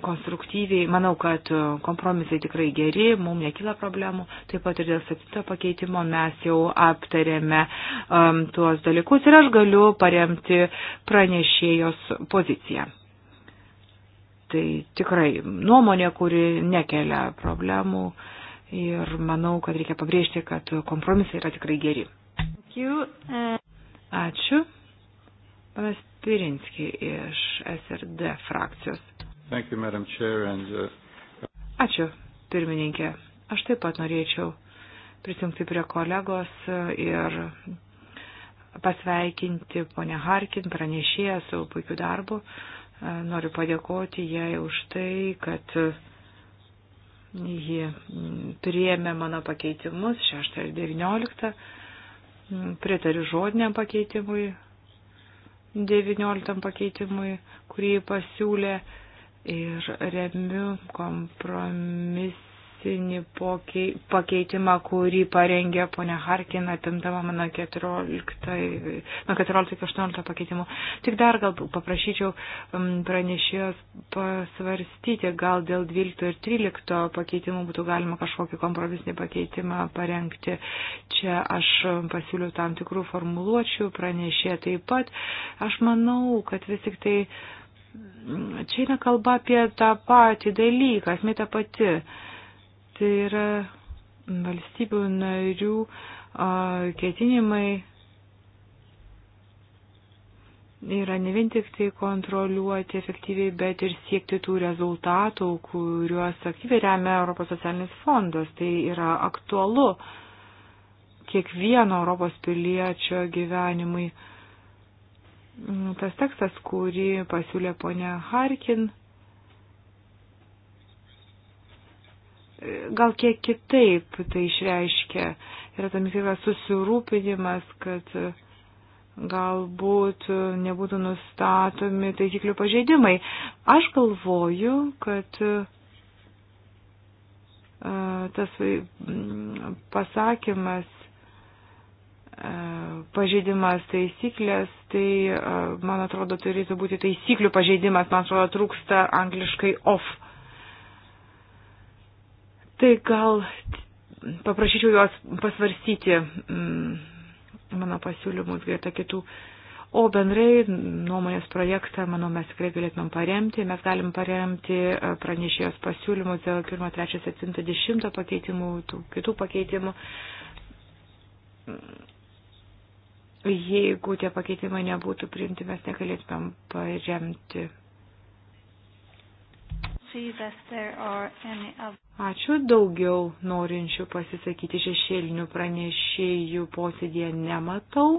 konstruktyviai. Manau, kad e, kompromisai tikrai geri, mums nekyla problemų. Taip pat ir dėl septinto pakeitimo mes jau aptarėme um, tuos dalykus ir aš galiu paremti pranešėjos poziciją. Tai tikrai nuomonė, kuri nekelia problemų ir manau, kad reikia pabrėžti, kad kompromisai yra tikrai geri. Uh, Ačiū. Panas Pirinski iš SRD frakcijos. Thank you, Madam Chair, and, uh... Ačiū, pirmininkė. Aš taip pat norėčiau prisijungti prie kolegos uh, ir pasveikinti ponę Harkin, pranešėją savo puikiu darbu. Uh, noriu padėkoti jai už tai, kad uh, ji mm, priėmė mano pakeitimus 6 ir 19, mm, pritariu žodiniam pakeitimui, 19 pakeitimui, kurį pasiūlė ir remiu kompromisinį pokei, pakeitimą, kurį parengė ponia Harkin, apimdama mano 14, nuo 14 iki 18 pakeitimų. Tik dar gal paprašyčiau um, pranešėjos pasvarstyti, gal dėl 12 ir 13 pakeitimų būtų galima kažkokį kompromisinį pakeitimą parengti. Čia aš um, pasiūliau tam tikrų formuluočių, pranešė taip pat. Aš manau, kad vis tik tai uh, čia eina kalba apie tą patį dalyką, esmė ta pati. Tai yra valstybių narių a, ketinimai yra ne vien tik tai kontroliuoti efektyviai, bet ir siekti tų rezultatų, kuriuos aktyviai remia Europos socialinis fondas. Tai yra aktualu kiekvieno Europos piliečio gyvenimui. A, Mm, tas tekstas, kurį pasiūlė ponia Harkin, gal kiek kitaip tai išreiškia. Yra tam tikras susirūpinimas, kad galbūt nebūtų nustatomi taisyklių pažeidimai. Aš galvoju, kad e, tas pasakymas E, pažeidimas taisyklės, tai, e, man atrodo, turėtų būti taisyklių pažeidimas, man atrodo, trūksta angliškai off. Tai gal paprašyčiau juos pasvarstyti mm, mano pasiūlymus greta kitų. O bendrai nuomonės projektą, manau, mes tikrai galėtumėm paremti. Mes galim paremti e, pranešėjos pasiūlymus dėl 1, 3, 7, 10 pakeitimų, tų kitų pakeitimų Jeigu tie pakeitimai nebūtų priimti, mes negalėtumėm paremti. Ačiū daugiau norinčių pasisakyti šešėlinių pranešėjų posėdėje nematau.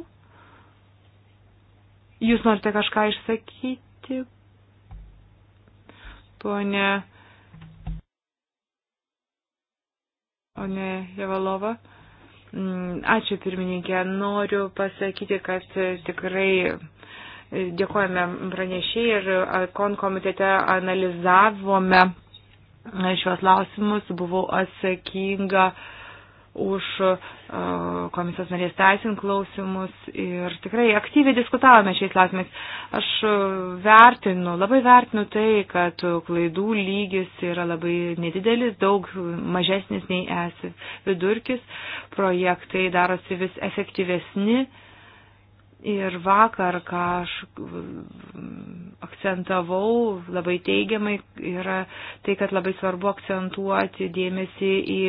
Jūs norite kažką išsakyti? Pone. O ne Jevalova. Mm, ačiū pirmininkė. Noriu pasakyti, kad e, tikrai e, dėkojame pranešėjai ir e, kon komitete analizavome šios lausimus. Buvau atsakinga uh, už komisijos narės teisin klausimus ir tikrai aktyviai diskutavome šiais klausimais. Aš vertinu, labai vertinu tai, kad klaidų lygis yra labai nedidelis, daug mažesnis nei esi vidurkis, projektai darosi vis efektyvesni Ir vakar, ką aš mm, akcentavau labai teigiamai, yra tai, kad labai svarbu akcentuoti dėmesį į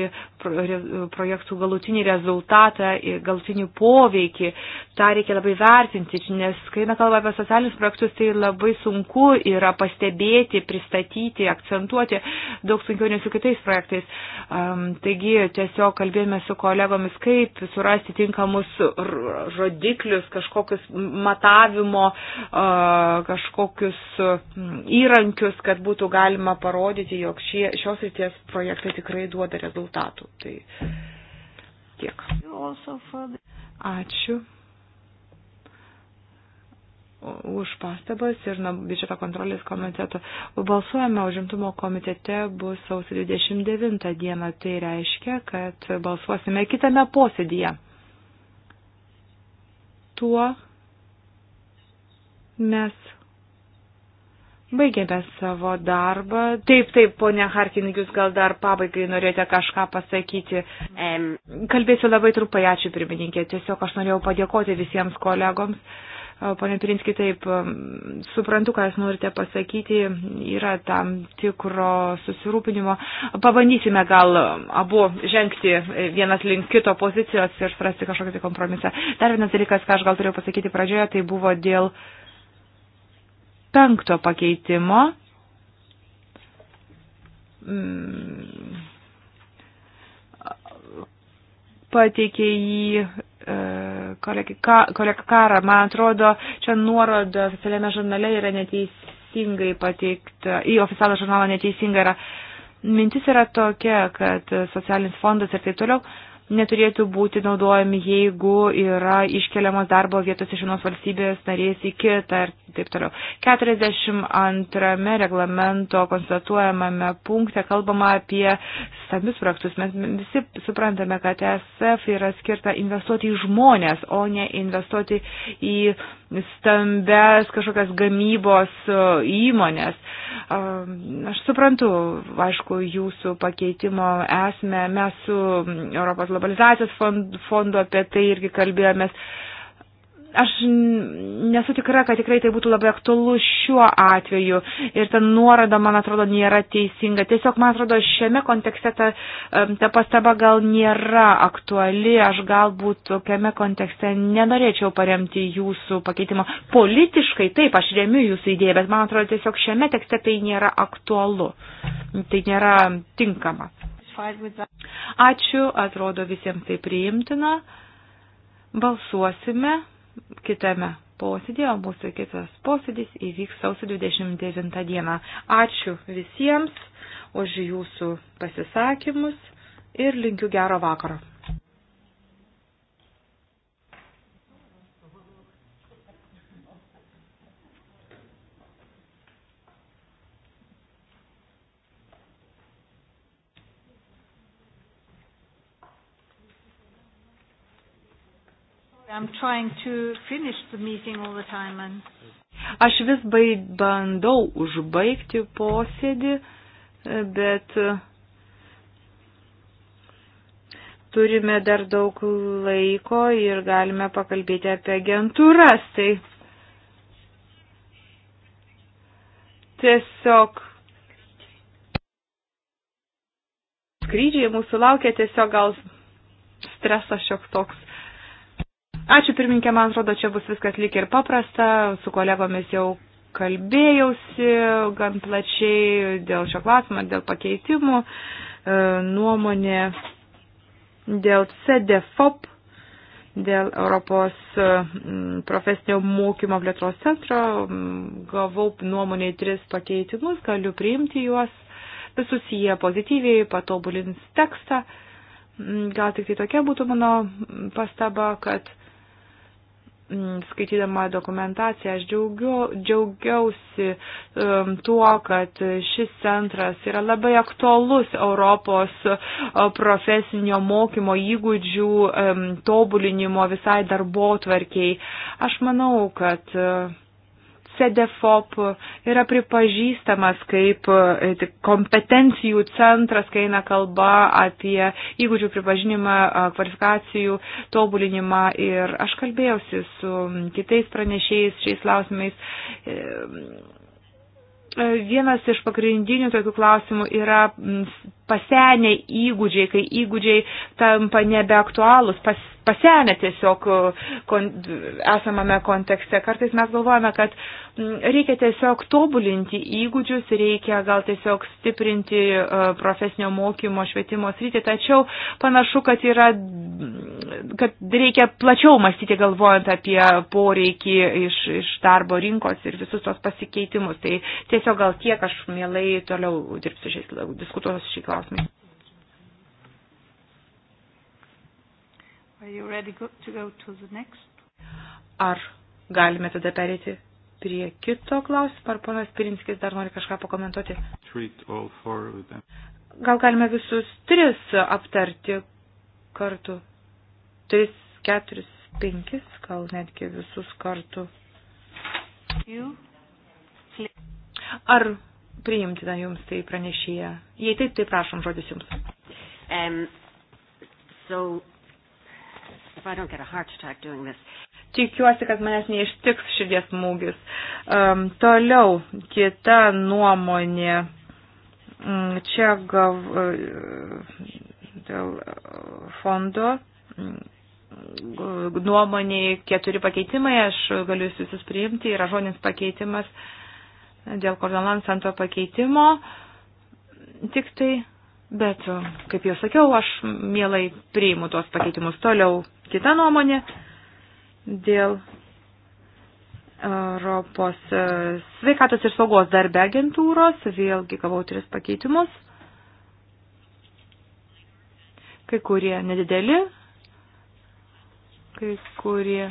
projektų galutinį rezultatą, galutinį poveikį. Ta reikia labai vertinti, nes kai mes kalbame apie socialinius projektus, tai labai sunku yra pastebėti, pristatyti, akcentuoti, daug sunkiau nei su kitais projektais. Um, taigi tiesiog kalbėjome su kolegomis, kaip surasti tinkamus rodiklius kažko kažkokius matavimo, kažkokius įrankius, kad būtų galima parodyti, jog šie, šios ryties projektai tikrai duoda rezultatų. Tai tiek. Ačiū už pastabas ir na, biudžeto kontrolės komiteto. Balsuojame užimtumo komitete bus sausio 29 dieną, tai reiškia, kad balsuosime kitame posėdėje tuo mes baigėme savo darbą. Taip, taip, ponia Harkin, jūs gal dar pabaigai norėjote kažką pasakyti. Kalbėsiu labai trumpai, ačiū pirmininkė. Tiesiog aš norėjau padėkoti visiems kolegoms Pane Pirinski, taip, suprantu, ką jūs norite pasakyti, yra tam tikro susirūpinimo. Pabandysime gal abu žengti vienas link kito pozicijos ir surasti kažkokį tai kompromisą. Dar vienas dalykas, ką aš gal turėjau pasakyti pradžioje, tai buvo dėl penkto pakeitimo. Mm. Pateikė jį e, kolega Kara, man atrodo, čia nuoroda oficialiame žurnale yra neteisingai pateikta, į oficialą žurnalą neteisinga yra. Mintis yra tokia, kad socialinis fondas ir taip toliau neturėtų būti naudojami, jeigu yra iškeliamos darbo vietos iš vienos valstybės narės į kitą ir taip toliau. 42 reglamento konstatuojamame punkte kalbama apie stambius projektus. Mes visi suprantame, kad ESF yra skirta investuoti į žmonės, o ne investuoti į stambes kažkokias gamybos e, įmonės. E, aš suprantu, aišku, jūsų pakeitimo esmę. Mes su Europos globalizacijos fondu apie tai irgi kalbėjomės. Aš nesu tikra, kad tikrai tai būtų labai aktualu šiuo atveju ir ta nuorada, man atrodo, nėra teisinga. Tiesiog, man atrodo, šiame kontekste ta, ta pastaba gal nėra aktuali, aš galbūt tokiame kontekste nenorėčiau paremti jūsų pakeitimo. Politiškai taip, aš remiu jūsų idėją, bet man atrodo, tiesiog šiame tekste tai nėra aktualu, tai nėra tinkama. Ačiū, atrodo visiems tai priimtina. Balsuosime kitame posėdėje, o mūsų kitas posėdis įvyks sausio 29 dieną. Ačiū visiems už jūsų pasisakymus ir linkiu gero vakaro. And... Aš vis bandau užbaigti posėdį, bet turime dar daug laiko ir galime pakalbėti apie agentūras. Tai tiesiog skrydžiai mūsų laukia, tiesiog gal stresas šioks toks. Ačiū pirminkė, man atrodo, čia bus viskas lyg ir paprasta, su kolegomis jau kalbėjausi gan plačiai dėl šio klausimo, dėl pakeitimų, e, nuomonė dėl CDFOP, dėl Europos e, profesinio mokymo plėtros centro, gavau nuomonė į tris pakeitimus, galiu priimti juos, visus jie pozityviai patobulins tekstą. Gal tik tai tokia būtų mano pastaba, kad Mm, skaitydama dokumentaciją, aš džiaugiau, džiaugiausi um, tuo, kad šis centras yra labai aktualus Europos e, profesinio mokymo įgūdžių um, tobulinimo visai darbo tvarkiai. Aš manau, kad uh, CDFOP yra pripažįstamas kaip e, kompetencijų centras, kai eina kalba apie įgūdžių pripažinimą, e, kvalifikacijų tobulinimą. Ir aš kalbėjausi su kitais pranešėjais šiais klausimais. E, vienas iš pagrindinių tokių klausimų yra pasenę įgūdžiai, kai įgūdžiai tampa nebeaktualūs, pas, pasenę tiesiog e, kon, esamame kontekste. Kartais mes galvojame, kad reikia tiesiog tobulinti įgūdžius, reikia gal tiesiog stiprinti e, profesinio mokymo švietimo sritį, tačiau panašu, kad, yra, kad reikia plačiau mąstyti galvojant apie poreikį iš, iš darbo rinkos ir visus tos pasikeitimus. Tai tiesiog gal tiek aš mielai toliau dirbsiu šiais, diskutuosiu šį klausimą klausimais. Ar galime tada perėti prie kito klausimo, ar ponas Pirinskis dar nori kažką pakomentuoti? Gal galime visus tris aptarti kartu? Tris, keturis, penkis, gal netgi visus kartu. Ar priimtina jums tai pranešyje? Jei taip, tai prašom žodis jums. Um, so, if I don't get a heart attack doing this, tikiuosi, kad manęs neištiks širdies smūgis. Um, toliau kita nuomonė. Mm, čia gav uh, dėl uh, fondo mm, nuomonė keturi pakeitimai, aš galiu visus priimti, yra žodinis pakeitimas. Uh, dėl koordinavimo centro pakeitimo. Tik tai, bet, kaip jau sakiau, aš mielai priimu tuos pakeitimus. Toliau kita nuomonė dėl e, Europos e, sveikatos ir saugos darbe agentūros. Vėlgi gavau tris pakeitimus. Kai kurie nedideli, kai kurie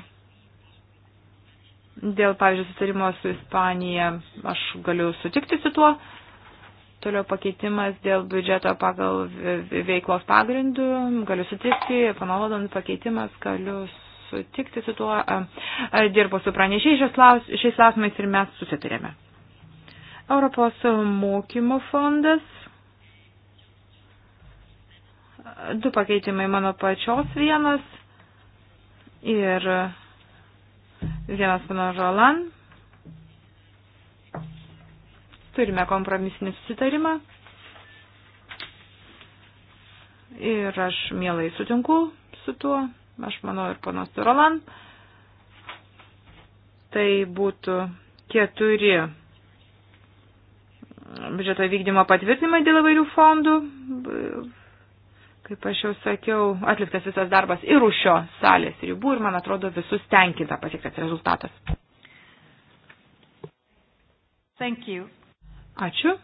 Dėl, pavyzdžiui, sutarimo su Ispanija aš galiu sutikti su tuo. Toliau pakeitimas dėl biudžeto pagal veiklos pagrindų, galiu sutikti, panaudodant pakeitimas, galiu sutikti su tuo. Dirbu su pranešiais šiais klausimais ir mes susitarėme. Europos mokymo fondas. Du pakeitimai mano pačios vienas ir Vienas pana Žolan. Turime kompromisinį susitarimą. Ir aš mielai sutinku su tuo. Aš manau ir panas Rolan. Tai būtų keturi biudžeto vykdymo patvirtinimai dėl įvairių fondų kaip aš jau sakiau, atliktas visas darbas ir už šio salės ribų ir, man atrodo, visus tenkinta pasiektas rezultatas. Thank you. Ačiū.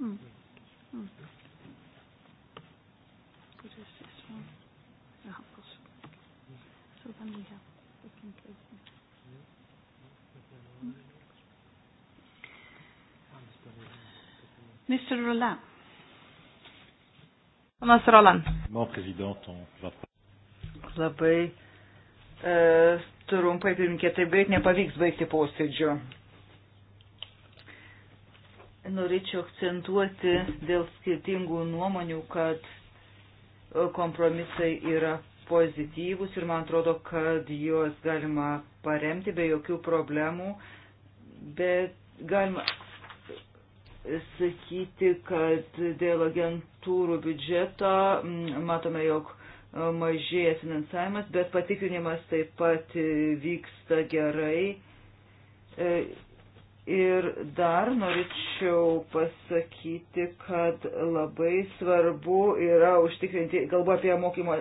Mm. Mr. Roland. Panas Roland. Labai e, trumpai, pirmkė, taip greit nepavyks baigti posėdžio. Norėčiau akcentuoti dėl skirtingų nuomonių, kad e, kompromisai yra pozityvus ir man atrodo, kad juos galima paremti be jokių problemų, bet galima sakyti, kad dėl agentūrų biudžeto matome, jog e, mažėja finansavimas, bet patikrinimas taip pat e, vyksta gerai. E, ir dar norėčiau pasakyti, kad labai svarbu yra užtikrinti, kalbu apie mokymo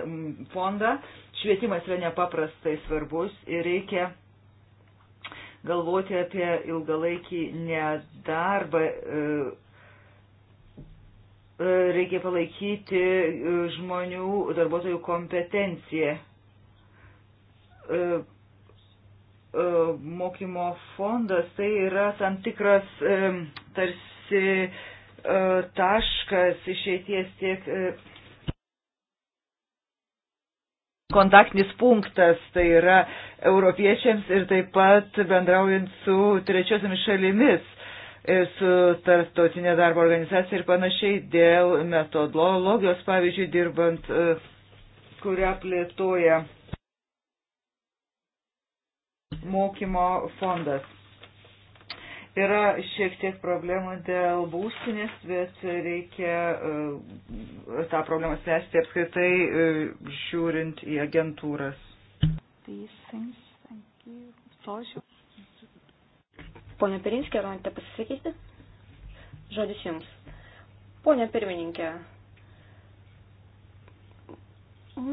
fondą, švietimas yra nepaprastai svarbus ir reikia galvoti apie ilgalaikį nedarbą. E, e, reikia palaikyti e, žmonių, darbuotojų kompetenciją. Mokymo fondas tai yra tam tikras tarsi taškas išeities tiek kontaktinis punktas, tai yra europiečiams ir taip pat bendraujant su trečiosiamis šalimis e, su tarptautinė darbo organizacija ir panašiai dėl metodologijos, pavyzdžiui, dirbant, e, kurią plėtoja mokymo fondas. Yra šiek tiek problemų dėl būstinės, bet reikia e, tą problemą spręsti apskritai e, žiūrint į agentūras. Pone Pirinskė, ar norite pasisakyti? Žodis Jums. Pone pirmininkė,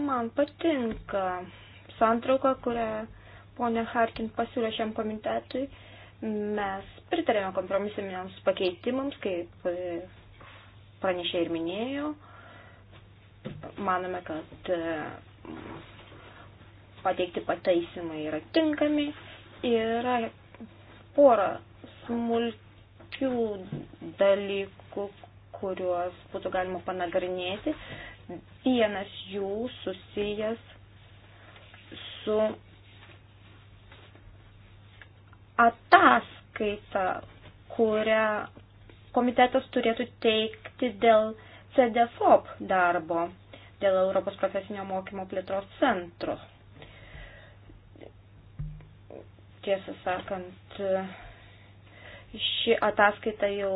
man patinka santrauka, kurią ponė Harkin pasiūlė šiam komitetui. Mes Pritarėme kompromisiniams pakeitimams, kaip e, pranešė ir minėjo. Manome, kad e, pateikti pataisimai yra tinkami. Yra pora smulkių dalykų, kuriuos būtų galima panagrinėti. Vienas jų susijęs su ataskaitą ataskaitą, kurią komitetas turėtų teikti dėl CDFOP darbo, dėl Europos profesinio mokymo plėtros centro. Tiesą sakant, ši ataskaita jau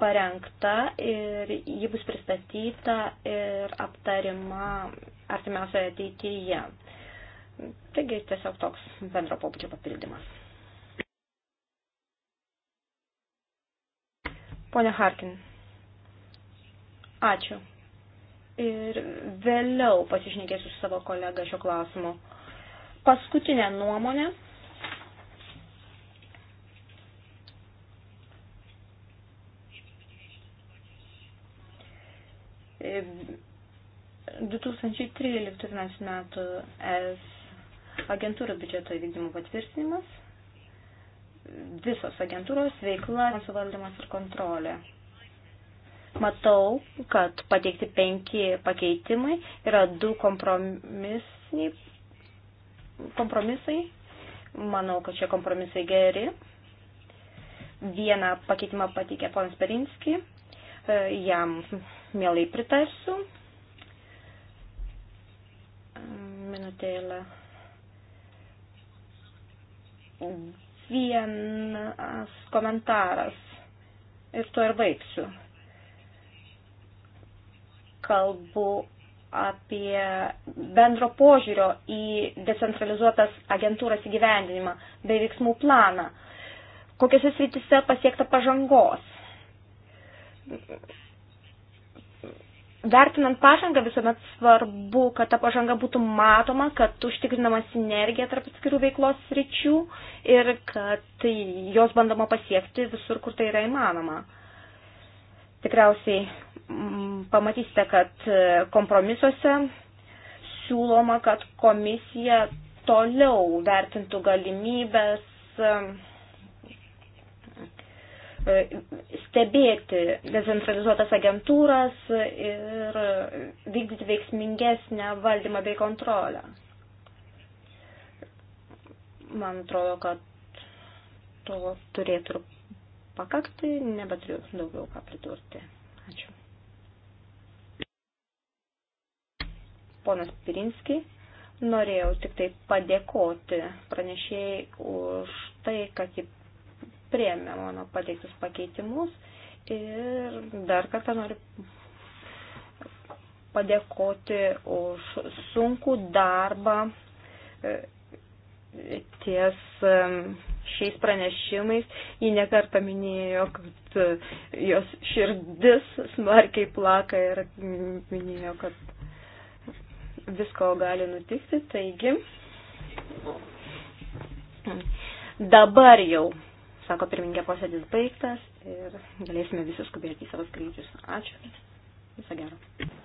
parengta ir ji bus pristatyta ir aptarima artimiausioje ateityje. Taigi tiesiog toks bendro pobūdžio papildymas. Pone Harkin. Ačiū. Ir vėliau pasišnekėsiu su savo kolega šio klausimu. Paskutinė nuomonė. E, 2013 metų es agentūrų biudžeto įvykdymo patvirtinimas visos agentūros veikla, suvaldymas ir kontrolė. Matau, kad pateikti penki pakeitimai yra du kompromisai. kompromisai. Manau, kad šie kompromisai geri. Vieną pakeitimą pateikė ponas Perinski. E, jam mielai pritarsiu. Minutėlę vienas komentaras ir tuo ir baigsiu. Kalbu apie bendro požiūrio į decentralizuotas agentūras įgyvendinimą bei veiksmų planą. Kokiose srityse pasiekta pažangos? vertinant pažangą visuomet svarbu, kad ta pažanga būtų matoma, kad užtikrinama sinergija tarp atskirų veiklos sričių ir kad jos bandoma pasiekti visur, kur tai yra įmanoma. Tikriausiai mm, pamatysite, kad e, kompromisuose siūloma, kad komisija toliau vertintų galimybės e, E, stebėti decentralizuotas agentūras ir vykdyti veiksmingesnę valdymą bei kontrolę. Man atrodo, kad to turėtų pakakti, nebeturiu daugiau ką pridurti. Ačiū. Ponas Pirinski, norėjau tik tai padėkoti pranešėjai už tai, kad ji priemė mano pateiktus pakeitimus ir dar kartą noriu padėkoti už sunkų darbą e, ties e, šiais pranešimais. Ji nekartą minėjo, kad e, jos širdis smarkiai plaka ir minėjo, kad visko gali nutikti. Taigi, dabar jau Sako pirmininkė posėdis baigtas ir galėsime visi skubėti į savo skrydžius. Ačiū. Visą gerą.